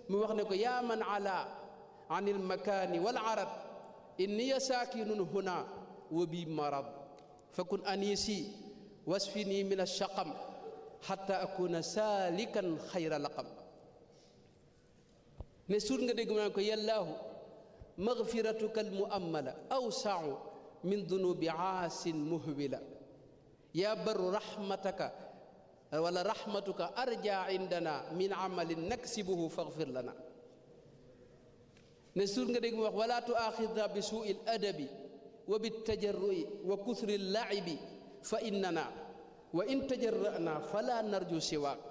موخنك يا من على عن المكان والعرب إني ساكن هنا وبي مرض فكن أنيسي واسفني من الشقم حتى أكون سالكا خير لقم نسور نجس يا الله مغفرتك المؤملة أوسع من ذنوب عاس مهبلا يا بر رحمتك ولا رحمتك ارجع عندنا من عمل نكسبه فاغفر لنا نسور نديك واخ ولا تؤاخذنا بسوء الأدب وبالتجرؤ وكثر اللعب فإننا وإن تجرأنا فلا نرجو سواك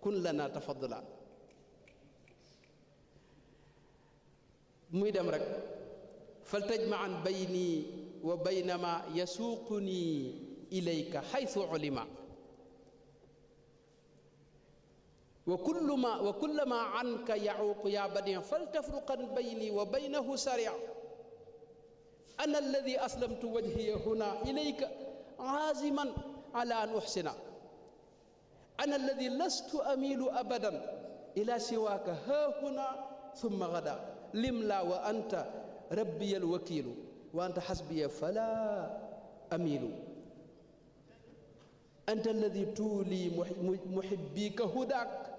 كن لنا تفضلا muy رك فلتجمعا بيني وبين ما يسوقني إليك حيث علم وكل ما وكل ما عنك يعوق يا بني فلتفرقا بيني وبينه سريع أنا الذي أسلمت وجهي هنا إليك عازما على أن أحسن أنا الذي لست أميل أبدا إلى سواك ها هنا ثم غدا لا وأنت ربي الوكيل وأنت حسبي فلا أميل أنت الذي تولي محبيك هداك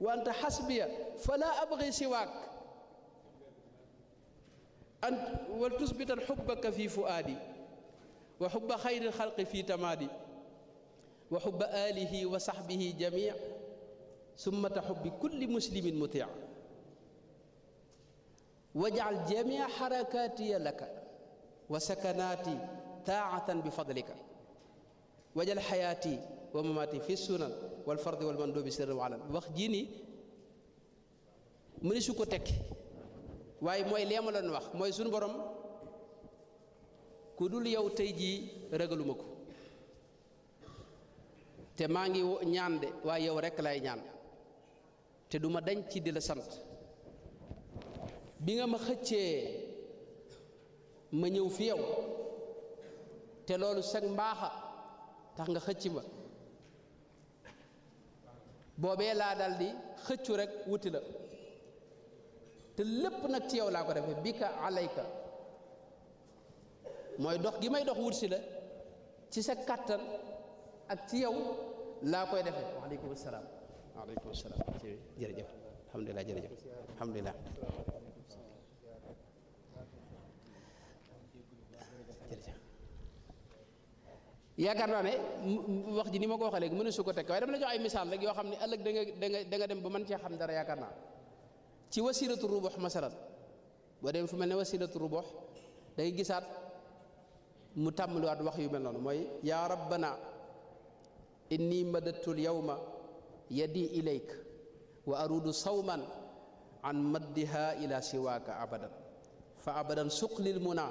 وأنت حسبي فلا أبغي سواك أنت ولتثبت حبك في فؤادي وحب خير الخلق في تمادي وحب آله وصحبه جميع ثم حب كل مسلم مطيع وجعل جميع حركاتي لك وسكناتي طاعة بفضلك واجعل حياتي ومماتي في السنن والفرد والمندوب سر وعلم وقت جيني مني سكو تك واي موي ليامل نوخ موي سون بروم كودول ياو تاي جي مكو te maangi ñaan de waaye yow rek lay ñaan te duma dañ ci di la sant bi nga ma xëccee ma ñëw fi yow te loolu sag mbaaxa tax nga xëcc ma boobee laa dal di xëccu rek wuti la te lépp nag ci yow laa ko defee bi ka alayka mooy dox gi may dox wutsi la ci sa kàttan ak ci yow laa koy defee waaleykum salaam waaleykum salaam jërëjëf alhamdulilah jërëjëf alhamdulilah yaakaar naa ne wax ji ni ma ko waxee léegi ne su ko teg waaye dama la jox ay misaal rek yoo xam ne ëllëg da nga da nga da nga dem ba mën cee xam dara yaakaar naa ci wasilatu rubox masalan boo dem fu mel ne wasilatu rubox da gisaat mu tàmbaliwaat wax yu mel noonu mooy yaa rabbana inni madattul yawma yadi ilayk wa arudu sawman an maddiha ila siwaaka abadan fa abadan suqlil muna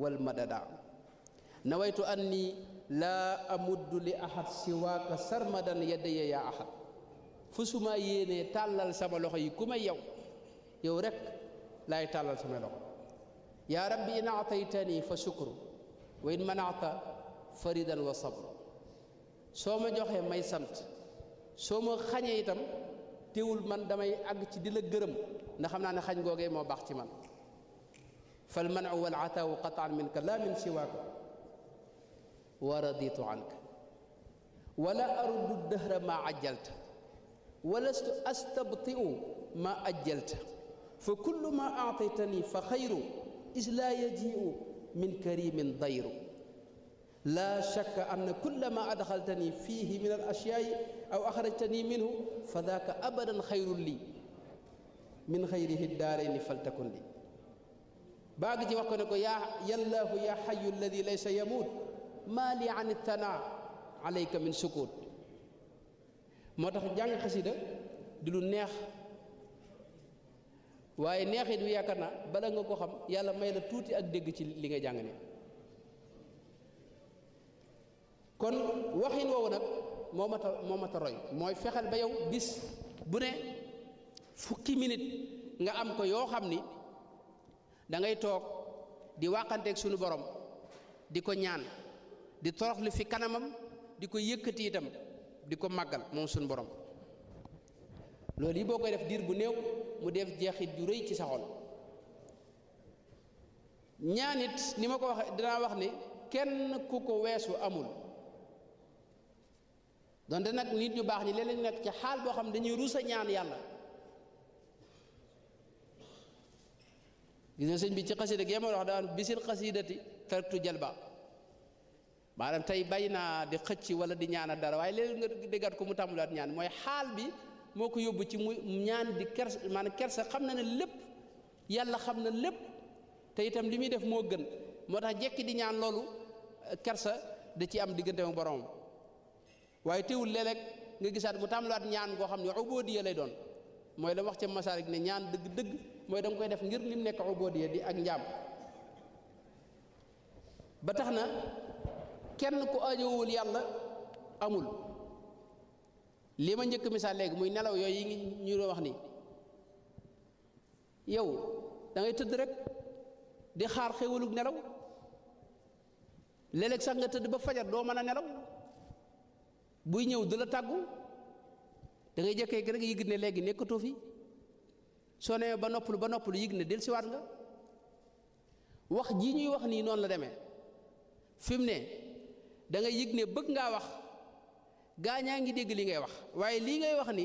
wal madada nawaytu anni لا أمد لأحد سواك سرمدا يدي يا أحد فسما يني تالل سما لخي يو يو لا يتالل سما يا ربي إن أعطيتني فشكر وإن منعت فريدا وصبر سوما جوخي ماي سمت سوما خاني يتم تيول من دمي أغتي دي لغرم نخمنا نخاني غوغي مو بختي من فالمنع والعطاء قطعا منك لا من سواك ورضيت عنك ولا أرد الدهر ما عجلت ولست أستبطئ ما أجلت فكل ما أعطيتني فخير إذ لا يجيء من كريم ضير لا شك أن كل ما أدخلتني فيه من الأشياء أو أخرجتني منه فذاك أبدا خير لي من خيره الدارين فلتكن لي باقي جي وقنكو يا الله يا حي الذي ليس يموت maa li an tanaa alayka min sukut moo tax jàng xasida di lu neex waaye neexit du yaakaar na bala nga ko xam yàlla may la tuuti ak dégg ci li nga jàng ne kon waxin woowu nag moo mat a moo mat a roy mooy fexeel ba yow bis bu ne fukki minute nga am ko yoo xam ni dangay toog di waxanteeg sunu borom di ko ñaan di toroxlu fi kanamam di ko yëkkati itam di ko màggal moom suñu borom loolu yi boo koy def diir bu néew mu def jeexit du rëy ci sa xol ñaan it ni ma ko wax dinaa wax ni kenn ku ko weesu amul donte nag nit ñu baax ni léeg-léeg ñu nekk ci xaal boo xam ne dañuy rusa ñaan yàlla gis nga sëñ bi ci xasida gi ma wax daan bisil xasidati taraktu jalba maanaam tey bay naa di xëcc wala di ñaana dara waaye léegi nga déggat ko mu tàmbaliwaat ñaan mooy xaal bi moo ko yóbbu ci mu ñaan di kers maanaam kersa xam na ne lépp yàlla xam na lépp te itam li muy def moo gën moo tax jekki di ñaan loolu euh, kersa da ci am diggante mu borom waaye teewul léeg-léeg nga gisaat mu tàmbaliwaat ñaan goo xam ne ubudiya lay doon mooy la wax ca masaarik ne ñaan dëgg-dëgg mooy danga koy def ngir lim nekk ubudiya di ak njaam na kenn ku ajowul yàlla amul li ma njëkk misaal léegi muy nelaw yooyu yi ñu doon wax ni yow dangay tëdd rek di xaar xéwalug nelaw léeg-léeg sax nga tëdd ba fajar doo mën a nelaw buy ñëw du la tàggu dangay ngay jëkkee rek yëg ne léegi nekkatoo fi soo nee ba noppalu ba noppalu yëg ne dellusiwaat nga wax ji ñuy wax nii noonu la demee fi ne. da ngay yëg ne bëgg ngaa wax gaa ñaa ngi dégg li ngay wax waaye lii ngay wax ni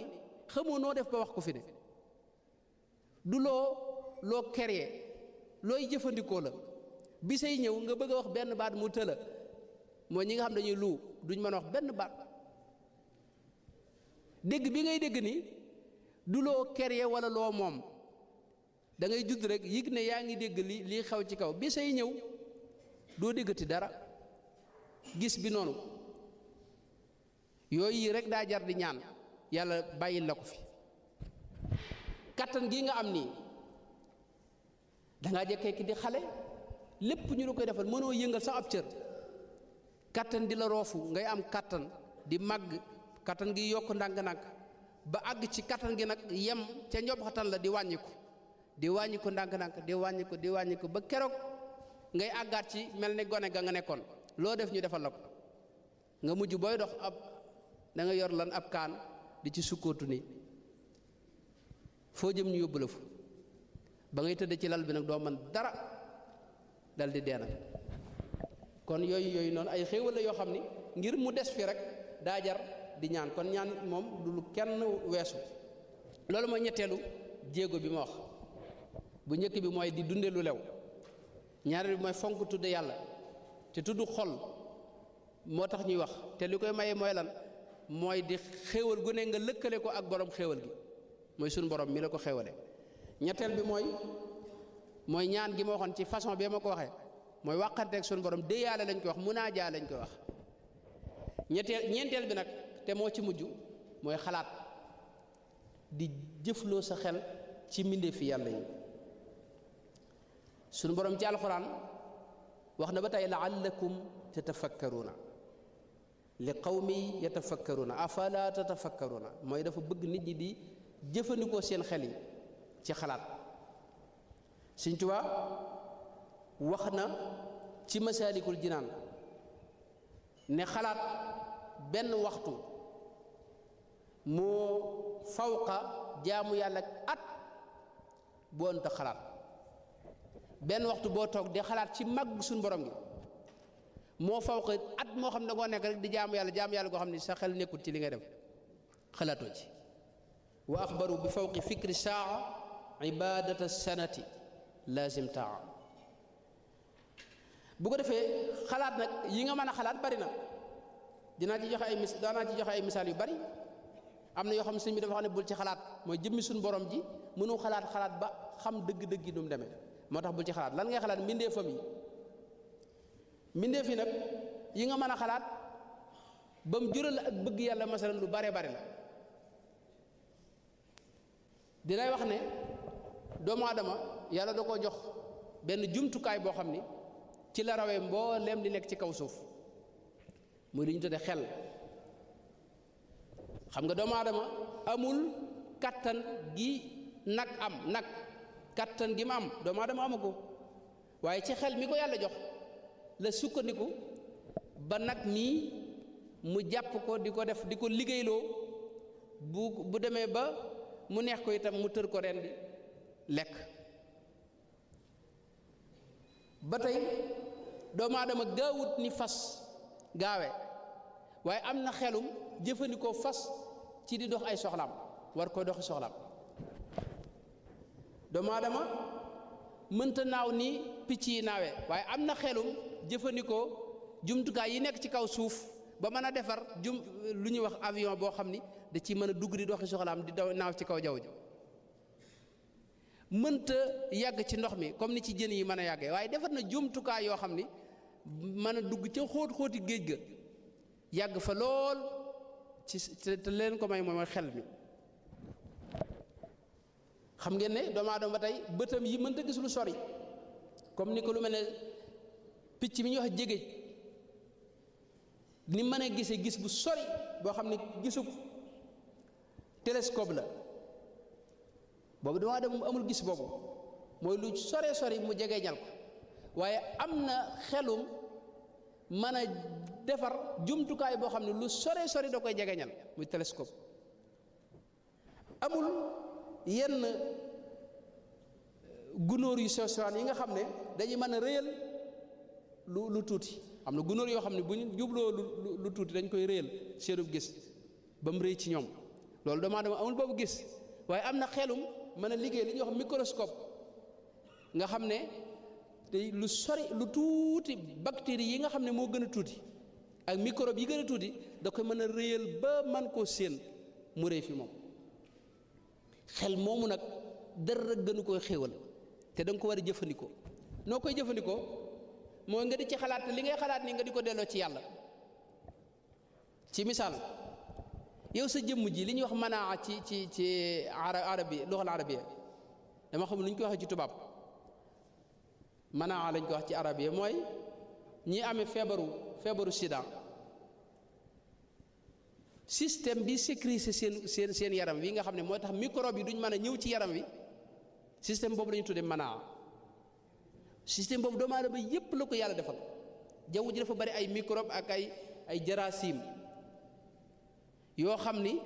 xamoo noo def ba wax ko fi ne du loo loo kerye looy jëfandikoo la bi say ñëw nga bëgg a wax benn baat mu tëla moo ñi nga xam dañuy lu duñ mën a wax benn baat dégg bi ngay dégg ni du loo créer walla loo moom dangay ngay judd rekk yëg ne yaa ngi dégg li lii xaw ci kaw bi say ñëw doo déggati dara gis bi noonu yooy yi rek daa jar di ñaan yàlla bàyyil la ko fi kattan gi nga am nii dangaa jekkee ki di xale lépp ñu la koy defal mënoo yëngal sax ab cër kattan di la roofu ngay am kattan di màgg kattan gi yokk ndànk-ndànk ba àgg ci kattan gi nag yem ca njobaxatan la di wàññiku di wàññi ndànk-ndànk di wàññi ko di wàññi ko ba keroog ngay àggaat ci mel ni gone ga nga nekkoon loo def ñu defal la ko nga mujj booy dox ab danga yor lan ab kaan di ci sukkootu ni foo jëm ñu yóbbu la fu ba ngay tëdd ci lal bi nag doo man dara dal di dee nag kon yooyu yooyu noonu ay xéewal la yoo xam ni ngir mu des fi rek daajar di ñaan kon ñaan moom du lu kenn weesu loolu mooy ñetteelu jéego bi ma wax bu njëkk bi mooy di dunde lu lew ñaareel bi mooy fonk tudde yàlla te tudd xol moo tax ñuy wax te li koy maye mooy lan mooy di xéewal gu ne nga lëkkale ko ak boroom xewal gi mooy sunu borom mi la ko xéewale ñetteel bi mooy mooy ñaan gi ma waxoon ci façon bee ma ko waxee mooy waxanteeg sunu borom déyaale lañ koy wax munaaja lañ koy wax ñetteel ñeenteel bi nag te moo ci mujj mooy xalaat di jëfloo sa xel ci mbindeefi yàlla yi sunu borom ci alxuraan. واخنا بتا لعلكم تتفكرون لقوم يتفكرون افلا تتفكرون ما دافو بغ نيت دي دي جيفانيكو سين خالي تي خلات سين توبا واخنا تي مسالك الجنان ني خلات بن وقتو مو فوق جامو يالك ات بونت خلات ben waxtu bo tok di xalat ci mag sun borom gi mo faw at mo xam ne go nek rek di jaamu yàlla jaamu yàlla go xamni sa xel nekut ci li nga def xalatu ci wa akhbaru bi fawqi fikri saa ibadata sanati lazim taa bu ko defé xalat nak yi nga mëna xalat bari na dina ci joxe ay misal dana ci joxe ay misal yu bari amna yo xam sëñ bi dafa xane bul ci xalat moy jëmmi sun borom ji mënu xalat xalat ba xam deug deug gi nu demé moo tax bul ci xalaat lan ngay xalaat mbindeefam yi mbindeef nag yi nga mën a xalaat ba mu jural ak bëgg yàlla masalan lu bare bare la dinay wax ne doomu aadama yàlla da koo jox benn jumtukaay boo xam ni ci la rawee mbooleem li nekk ci kaw suuf muy li ñu tudde xel xam nga doomu aadama amul kàttan gi nag am nag kàttan gi ma am doomu aadama amu ko waaye ci xel mi ko yàlla jox la sukkandiku ba nag mii mu jàpp ko di ko def di ko liggéeyloo bu bu demee ba mu neex ko itam mu tër ko ren di lekk ba tey doomu aadama gaawut ni fas gaawe waaye am na xelum jëfandikoo fas ci di dox ay soxlaam war koy doxi soxlaam doomu aadama mënta naaw ni picc yi naawee waaye am na xelum jëfandikoo jumtukaay yi nekk ci kaw suuf ba mën a defar jum lu ñuy wax avion boo xam ni da ci mën a dugg di doxi soxlaam di daw naaw ci kaw jaww ja mënta yàgg ci ndox mi comme ni ci jën yi mën a yàggee waaye defar na jumtukaay yoo xam ni mën a dugg ca xóot xóoti géej ga yàgg fa lool ci te leen ko may mooy xel mi xam ngeen ne doomu aadama ba tey bëtam yi mënta gis lu sori comme ni ko lu mel ne picc mi ñu wax jégéej ni mën a gise gis bu sori boo xam ne gisub télescope la boobu doomu aadama amul gis boobu mooy lu sore sori mu jege ñal ko waaye am na xelum mën a defar jumtukaay boo xam ne lu sore sori da koy ñal muy télescope amul yenn eh, gunóor yu sew sewaan yi nga xam ne dañuy mën a réyal lu tuuti am na gunóor yoo xam ne bu ñu jubloo lu tuuti dañ koy réyal bu gis ba mu rëy ci ñoom loolu doomu amul amul boobu gis waaye am na xelum mën a liggéey li ñuy wax microscope nga xam ne te lu sori lu tuuti bactéries yi nga xam ne moo gën a tuuti ak microbe yi gën a tuuti da koy mën a réyal ba man koo séen mu rëy fi moom xel moomu nag dara gënu koy xéewal te da ko war a jëfandikoo noo koy jëfandikoo mooy nga di ci xalaat li ngay xalaat nii nga di ko delloo ci yàlla ci misaal yow sa jëmm ji li ñuy wax manaa ci ci ci arabi luxal arabiya dama xam lu ñu ko waxee ci tubaab manaa lañ ko wax ci arabiya mooy ñi ame feebaru feebaru sida système bi sécuriser seen seen seen yaram wi nga xam ne moo tax microbe yi duñ mën a ñëw ci yaram wi système boobu la ñu tuddee manaa système boobu doomu aadama yépp la ko yàlla defal jaww ji dafa bari ay microbe ak ay ay jarasim yoo xam ni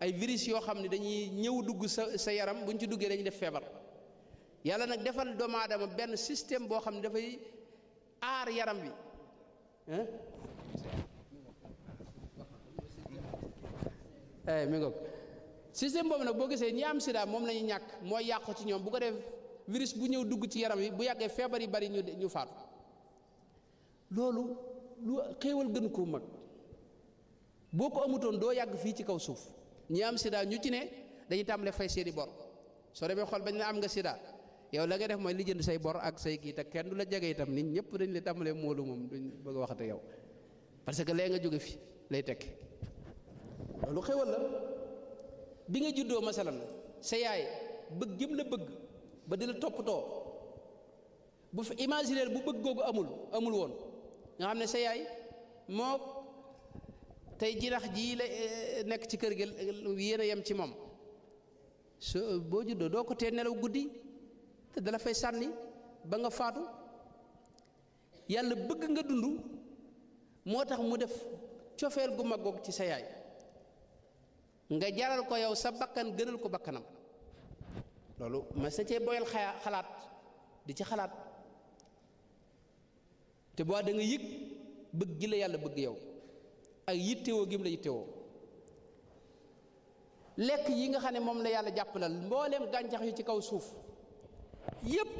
ay virus yoo xam ne dañuy ñëw dugg sa sa yaram buñ ci duggee dañuy def feebar yàlla nag defal doomu aadama benn système boo xam ne dafay aar yaram wi Eh, mi ngoog système boobu nag boo gisee ñi am sida moom lañuy ñàkk mooy yàqu ci ñoom bu ko def virus bu ñëw dugg ci yaram yi bu yàggee feebar yi bari ñu ñu faatu loolu lu xéewal gën koo mag boo ko amutoon doo yàgg fii ci kaw suuf ñi am sida ñu ci ne dañuy tàmbale fay seeni bor soo demee xool bañ na am nga sida yow la nga def mooy li jënd say bor ak say kii te kenn du la jege itam nit ñëpp dañ la tàmbalee moolu moom duñ bëgg a waxate yow parce lu xéwal la bi nga juddoo masalan sa yaay bëgg jëm la bëgg ba di la toppatoo bu fi imaginer bu bëgg googu amul amul woon nga xam ne sa yaay moo tey jinax jii la eh, nekk ci kër gi yéen a yem ci moom so boo juddoo doo ko tee nelaw guddi te dala fay sànni ba nga faatu yàlla bëgg nga dund moo tax mu def cofeel gu mag goog ci sa yaay nga jaral ko yow sa bakkan gënal ko bakkanam loolu ma sa cee boyal xaya xalaat di ci xalaat te boo da nga yëg bëgg gi la yàlla bëgg yow ak yittewoo gim la yittewoo lekk yi nga xam ne moom la yàlla jàpp jàppalal mbooleem gàncax yu ci kaw suuf yépp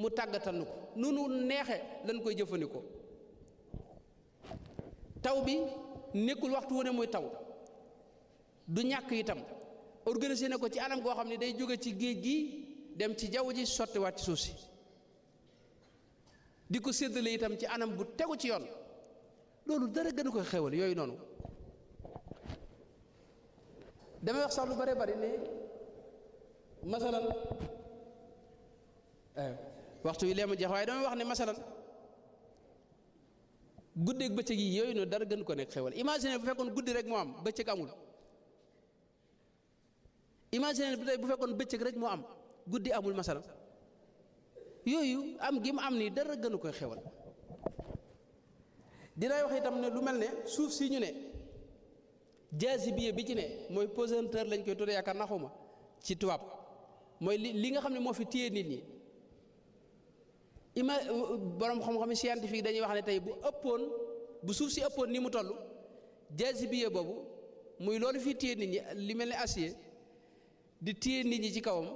mu tàggatal nu ko nunu neexe lañ koy jëfandikoo taw bi nekkul waxtu wu muy taw du ñàkk itam organisé na ko ci anam goo xam ne day jóge ci géej gi dem ci jaw ji sottiwaat ci suuf si di ko séddale itam ci anam bu tegu ci yoon loolu dara gën a koy xewal yooyu noonu damay wax sax lu bare bari ne masalan eh, waxtu yi leema jeex waaye damay wax ne masalan guddeeg bëccëg yi yooyu noonu dara gën ko nekk xewal imagine bu fekkoon guddi rek moo am bëccëg amul imagine bu tey bu fekkoon bëccëg rek moo am guddi amul masala yooyu am gi mu am nii dara gënu koy xewal dinaay wax itam ne lu mel ne suuf si ñu ne jaasibiye bi ci ne mooy pesanteur lañ koy tuddee yaakaar naxuma ci tubaab mooy li li nga xam ne moo fi téye nit ñi ima borom xam-xam scientifique dañuy wax ne tey bu ëppoon bu suuf si ëppoon ni mu toll jaasibiye boobu muy loolu fi téye nit ñi li mel ne acier di téye nit ñi ci kawam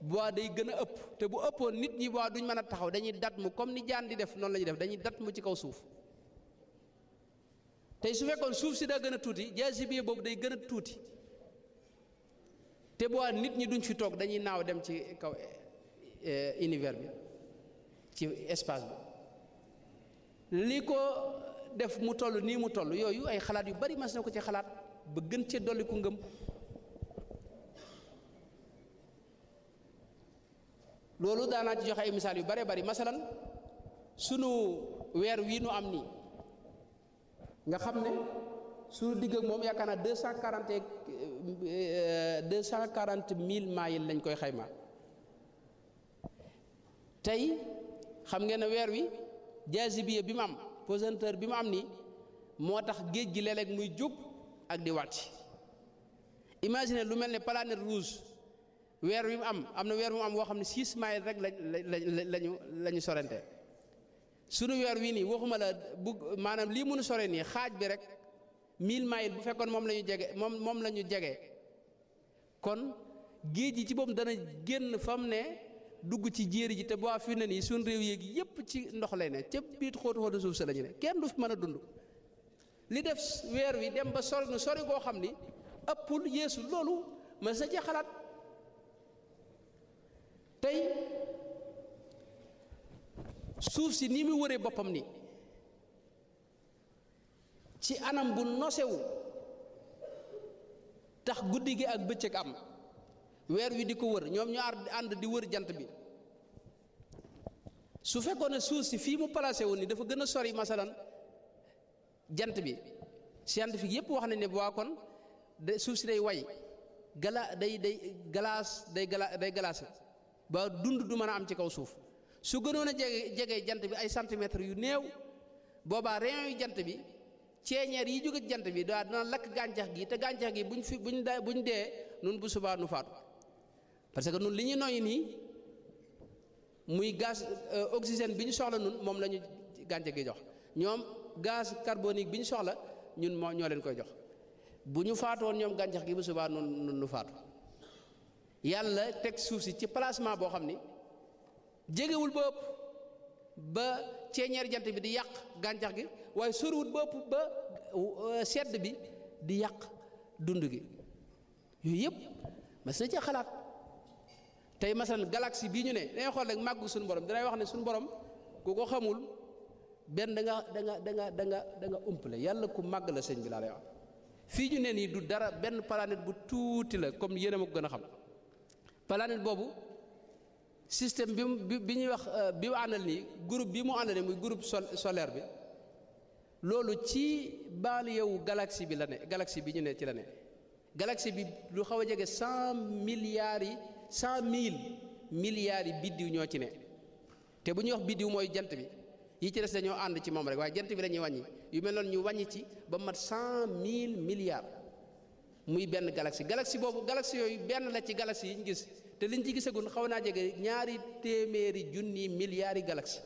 bois day gën a ëpp te bu ëppoon nit ñi waa duñ mën a taxaw dañuy dat mu comme ni jaan di def noonu la def dañuy dat mu ci kaw suuf te su fekkoon suuf si daa gën a tuuti jaasibe boobu day gën a tuuti te bois nit ñi duñ fi toog dañuy naaw dem ci kaw eh, eh, univers bi ci espace bi li ko def mu toll nii mu toll yooyu ay xalaat yu bari mas na ko ci xalaat ba gën cee dolli ku ngëm loolu daanaa ci joxe ay misaal yu bare bari masalan sunu weer wii nu am nii nga xam ne su digg ak moom yaakaar na deux cent quarante euh, deux cent quarante mille miles lañ koy xayma tey xam ngeen ne weer wi jaasibiya bi mu am pesanteur bi ma am nii moo tax géej gi léeg muy jub ak di wàcc imagine lu mel ne planète rouge weer wi mu am am na weer wi mu am woo xam ne six miles rek lañ lañ lañu la ñu sorante sunu weer wii nii waxuma la bu maanaam lii mënu sore nii xaaj bi rek mille miles bu fekkoon moom la ñu jege moom moom la ñu jege kon géej gi ci boppam dana génn fam ne dugg ci jéeri ji te boo fi ne nii suñu réew yéeg yépp ci ndox lay ne ca biit xóotu xóotu suuf sa la ñu ne kenn du fi mën a dund li def weer wi dem ba sori nu sori koo xam ni ëppul yeesu loolu ma sa ci xalaat tey suuf si nii mu wëree boppam ni ci anam bu nosewu tax guddi gi ak bëccëg am weer wi di ko wër ñoom ñu ànd di wër jant bi su fekkoon ne suuf si fii mu placé wu ni dafa gën a sori masalan jant bi scientifique yëpp wax nañ ne waa kon de suuf si day way gala day day glace day gala ba dund du mën a am ci kaw suuf su gënoon a jege jege jant bi ay centimètres yu néew boobaa rayon yu jant bi ceeñeer yi jóge jant bi daa dina lakk gàncax gi te gàncax gi buñ fi buñ da buñ dee nun bu subaa nu faatu parce que nun li ñu noyyi nii muy gaz euh, oxygène bi ñu soxla nun moom la ñu gàncax gi jox ñoom gaz carbonique bi ñu soxla ñun moo ñoo leen koy jox bu ñu faatoon ñoom gàncax gi bu subaa nun nun nu faatu yalla tek suuf si ci placement boo xam ni jegewul bopp ba ceeñeer jant bi di yàq gàncax gi waaye soriwul bopp ba euh, sedd bi di yàq dund gi yooyu yëpp mas na ci xalaat tey masalan galaxie bi ñu ne dañuy xool rek màggu suñu borom dinay wax ne suñu borom ku ko xamul benn da nga da nga da nga da nga da nga umple yàlla ku màgg la sëñ bi laa lay wax fii ñu ne nii du dara benn planète bu tuuti la comme yéen a ma gën a xam planète boobu système bi bi ñuy wax euh, bi mu àndal bi mu àndal nii muy groupe solaire bi loolu ci banlieue galaxi bi la ne galaxie bi ñu ne ci la ne galaxie bi lu xaw a jege cent milliards yi cent mille milliards yi biddiw ñoo ci ne te bu ñuy wax biddiw mooy jant bi yi ci des dañoo ànd ci moom rek waaye jant bi la ñuy wàññi yu mel noonu ñu wàññi ci ba mat cent mille milliards muy benn galaxie galaxie boobu galaxie yooyu benn la ci galaxie yi ñu gis te liñ ci gisagun xaw naa jege ñaari téeméeri junni milliards yi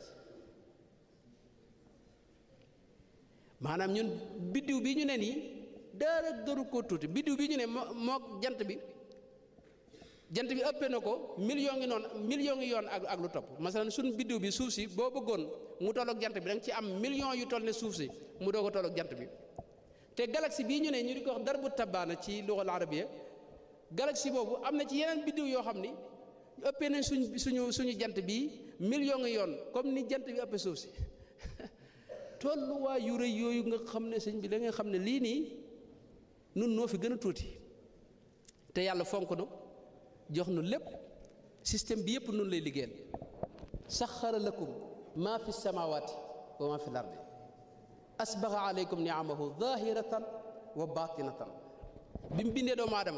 maanaam ñun biddiw bi ñu ne nii dara dëru ko tuuti biddiw bi ñu ne moo moo jant bi jant bi ëppee na ko million ngi noonu million ngi yoon ak ak lu topp masalan suñ biddiw bi suuf si boo bëggoon mu tolloog jant bi da nga ci am million yu toll ne suuf si mu doo ko tolloog jant bi te galaxie bii ñu ne ñu di ko wax darbu tabaana ci luxal arabiya galaxie boobu am na ci yeneen biddiw yoo xam ni ëppee nañ suñ suñu suñu jant bi million yoon comme ni jant bi ëppee suuf si tolluwaay yu rëy yooyu nga xam ne sëñ bi da nga xam ne lii nii nun noo fi gën a tuuti te yàlla fonk nu jox nu lépp système bi yëpp nun lay liggéeyal saxara lakum maa fi samawaati wa maa fi l أسبغ عليكم نعمه ظاهرة وباطنة بين بين دوم آدم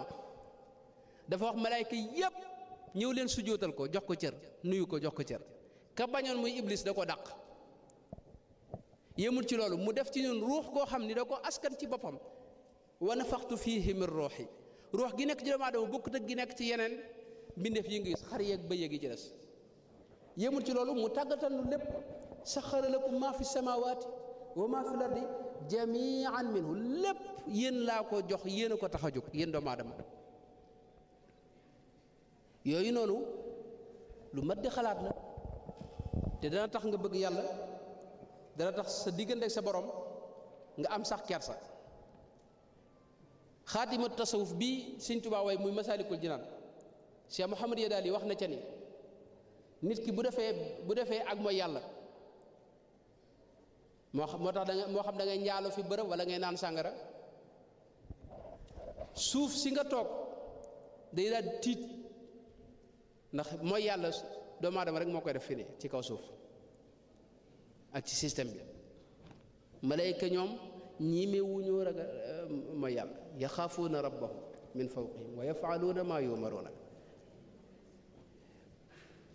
دا فا ملائكة ييب نيو لين سجودال كو جوكو تير نيو كو جوكو تير كا باغنون موي ابليس داكو داك يمول تي لولو مو داف تي نون روح كو خامني داكو اسكان تي بوبام ونفخت فيه من روحي روح جي نيك جي دوم آدم بوك دك جي نيك تي يينن بينديف يي نغي خاري اك سخر لكم ما في السماوات وما في جميعا منه لب ين لا كو جوخ ين كو تخاجوك ين دوما دما يوي نونو لو مد خلات لا تي دا تاخ nga بغ يالا دا تاخ سا ديغندك سا بوروم nga am sax kersa خاتم التصوف بي سين باوي واي موي مسالك الجنان شيخ محمد يدالي واخنا تاني نيت كي بو دافي بو دافي اك مو يالا moo xam moo tax da moo xam da ngay njaaloo fi bërëb wala ngay naan sàngara suuf si nga toog day daal tiit ndax mooy yàlla doomu aadama rek moo koy def ne ci kaw suuf ak ci système bi malayka ñoom ñimewuñu ragal euh, mooy yàlla yaxaafuuna rabbahum min fawqihim wa yafaluuna maa yumaruuna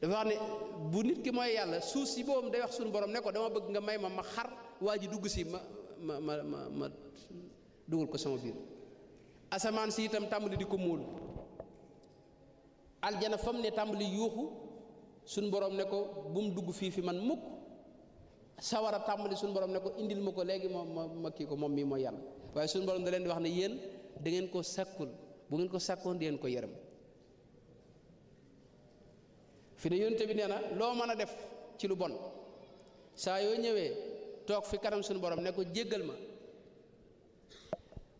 dafa wax ne bu nit ki mooy yàlla suuf si boobu day wax suñu borom ne ko dama bëgg nga may ma ma xar waji dugg ci ma ma ma ma ma dugal ko sama bir asamaan si itam tambali di ko aljana fam ne tambali yuxu sun borom ne ko bum dugg fi fi man muk sawara tambali sun borom ne ko indil mako legi ma ma ma ko moom mii sun borom da di wax ne yéen da ngeen ko sakul, bu ngeen ko sakon di ngeen ko yërëm fi ne yonte bi neena lo def ci lu bon sa yo ñewé toog fi kanam suñu borom ne ko jéggal ma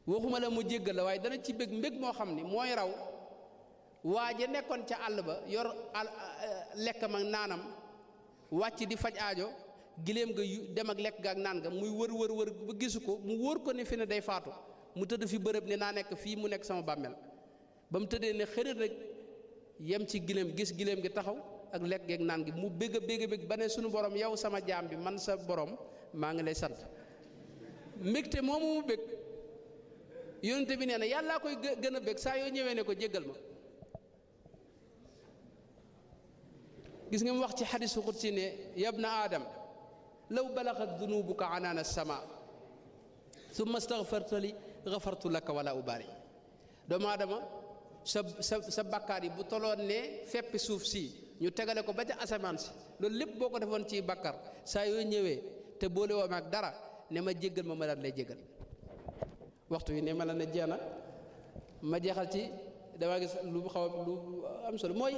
waxuma la mu jéggal la waaye dana ci bëgg mbég moo xam ne mooy raw waa ja nekkoon ca àll ba yor euh, lekkam ak naanam wàcc di faj aajo giléem ga dem ak lekk ga ak naan ga muy wër wër wër ba gisu ko mu wóor ko ne fi day faatu mu tëdd fi bërëb ne naa nekk fii mu nekk sama bàmmeel ba mu tëddee ne xërit rek yem ci giléem gis giléem gi taxaw ak lekk geeg naan gi mu bégg a bégg ba ne sunu boroom yow sama jaam bi man sa boroom maa ngi lay sant mbégte moomu mu bég yonent bi nee na yàllaa koy gën a bég saa yoo ñëwee ne ko jéggal ma gis nga mu wax ci xadisu xudsi ne yabna aadam law balaxat dunubuka anaana sama summa staxfarta li gafartu laka wala ubaari doomu aadama sa sa sa bàkkaar yi bu toloon ne feppi suuf si ñu tegale ko ba ca asamaan si loolu lépp boo ko defoon ci bàkkaar saa yoo ñëwee te boole woo ma ak dara ne ma jéggal ma ma daal lay jéggal waxtu wi ne ma la ne jeex na ma jeexal ci damaa gis lu xaw a lu am solo mooy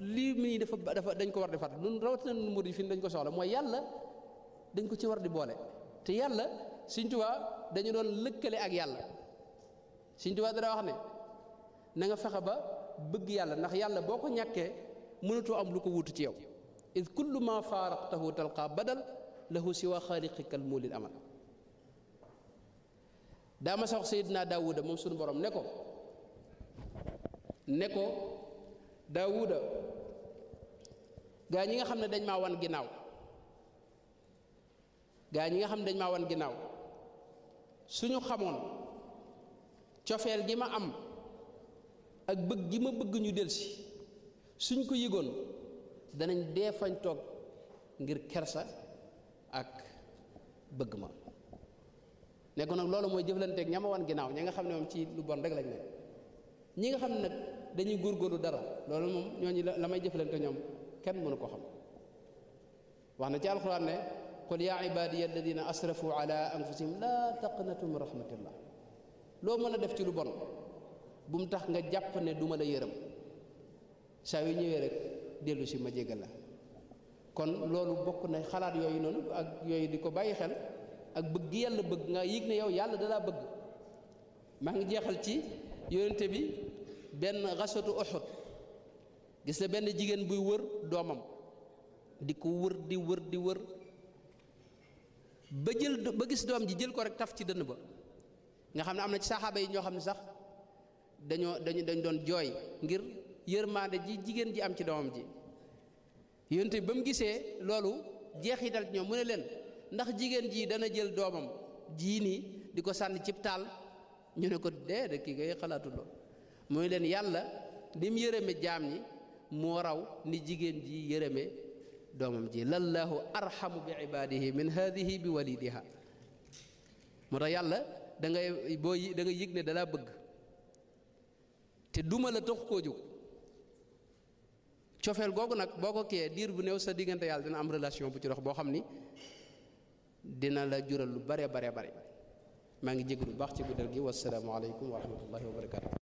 lii mi dafa dafa dañ ko war di lu ñun rawatina ñun murid yi fi dañ ko soxla mooy yàlla dañ ko ci war di boole te yàlla Sëñ Tuubaa dañu doon lëkkale ak yàlla Sëñ Tuubaa dana wax ne na nga fexe ba bëgg yàlla ndax yàlla boo ko ñàkkee mënatoo am lu ko wuutu ci yow id kullu ma faaraqtahu talqa badal lahu siwa xaaliqikal muulil amal daa ma sa wax sayidna daawuda moom suñu borom ne ko ne ko daawuda gaa ñi nga xam ne dañ ma wan ginnaaw gaa ñi nga xam ne dañ ma wan ginnaaw suñu xamoon cofeel gi ma am ak bëgg gi ma bëgg ñu delsi suñ ko yëgoon danañ dee fañ toog ngir kersa ak bëgg ma nekku nag loolu mooy jëflanteeg ña wan ginnaaw ñi nga xam ne moom ci lu bon rek lañ ne ñi nga xam ne nag dañuy góoru dara loolu moom ñooñu la may jëflante ñoom kenn mënu ko xam wax na ci alxuraan ne qul yaa ibadiya alladina asrafu ala anfusihim laa taqnatu min rahmatillah loo mën a def ci lu bon bu mu tax nga jàpp ne du ma la yërëm saa yu ñëwee rek dellu si ma jégal la kon loolu bokk na xalaat yooyu noonu ak yooyu di ko bàyyi xel ak bëgg yàlla bëgg nga yëg ne yow yàlla dalaa bëgg maa ngi jeexal ci yonente bi benn xasatu oxut gis na benn jigéen buy wër doomam di ko wër di wër di wër ba jël ba gis doom ji jël ko rek taf ci dënn ba nga xam ne am na ci saxaaba yi ñoo xam ne sax dañoo dañu dañ doon jooy ngir yërmaande ji jigéen ji am ci doomam ji yonte ba mu gisee loolu jeexital ñoom mu ne leen ndax jigéen jii dana jël doomam jii nii di ko sànni cib taal ñu ne ko dee de kii ngay xalaatu lool mooy leen yàlla lim yërëme jaam ñi moo raw ni jigéen ji yërëme doomam ji lallaahu arxamu bi ibaadihi min haadihi bi walidiha moo tax yàlla da ngay boo da nga yëg ne dalaa bëgg te duma la tax koo jóg cofeel googu nag boo ko kiyee diir bu néew sa diggante yàlla dina am relation bu ci dox boo xam ni dina la jural lu bare bare bare maa ngi jégalu lu baax ci guddal gi wassalaamu aleykum wa rahmatullahi wa barakatu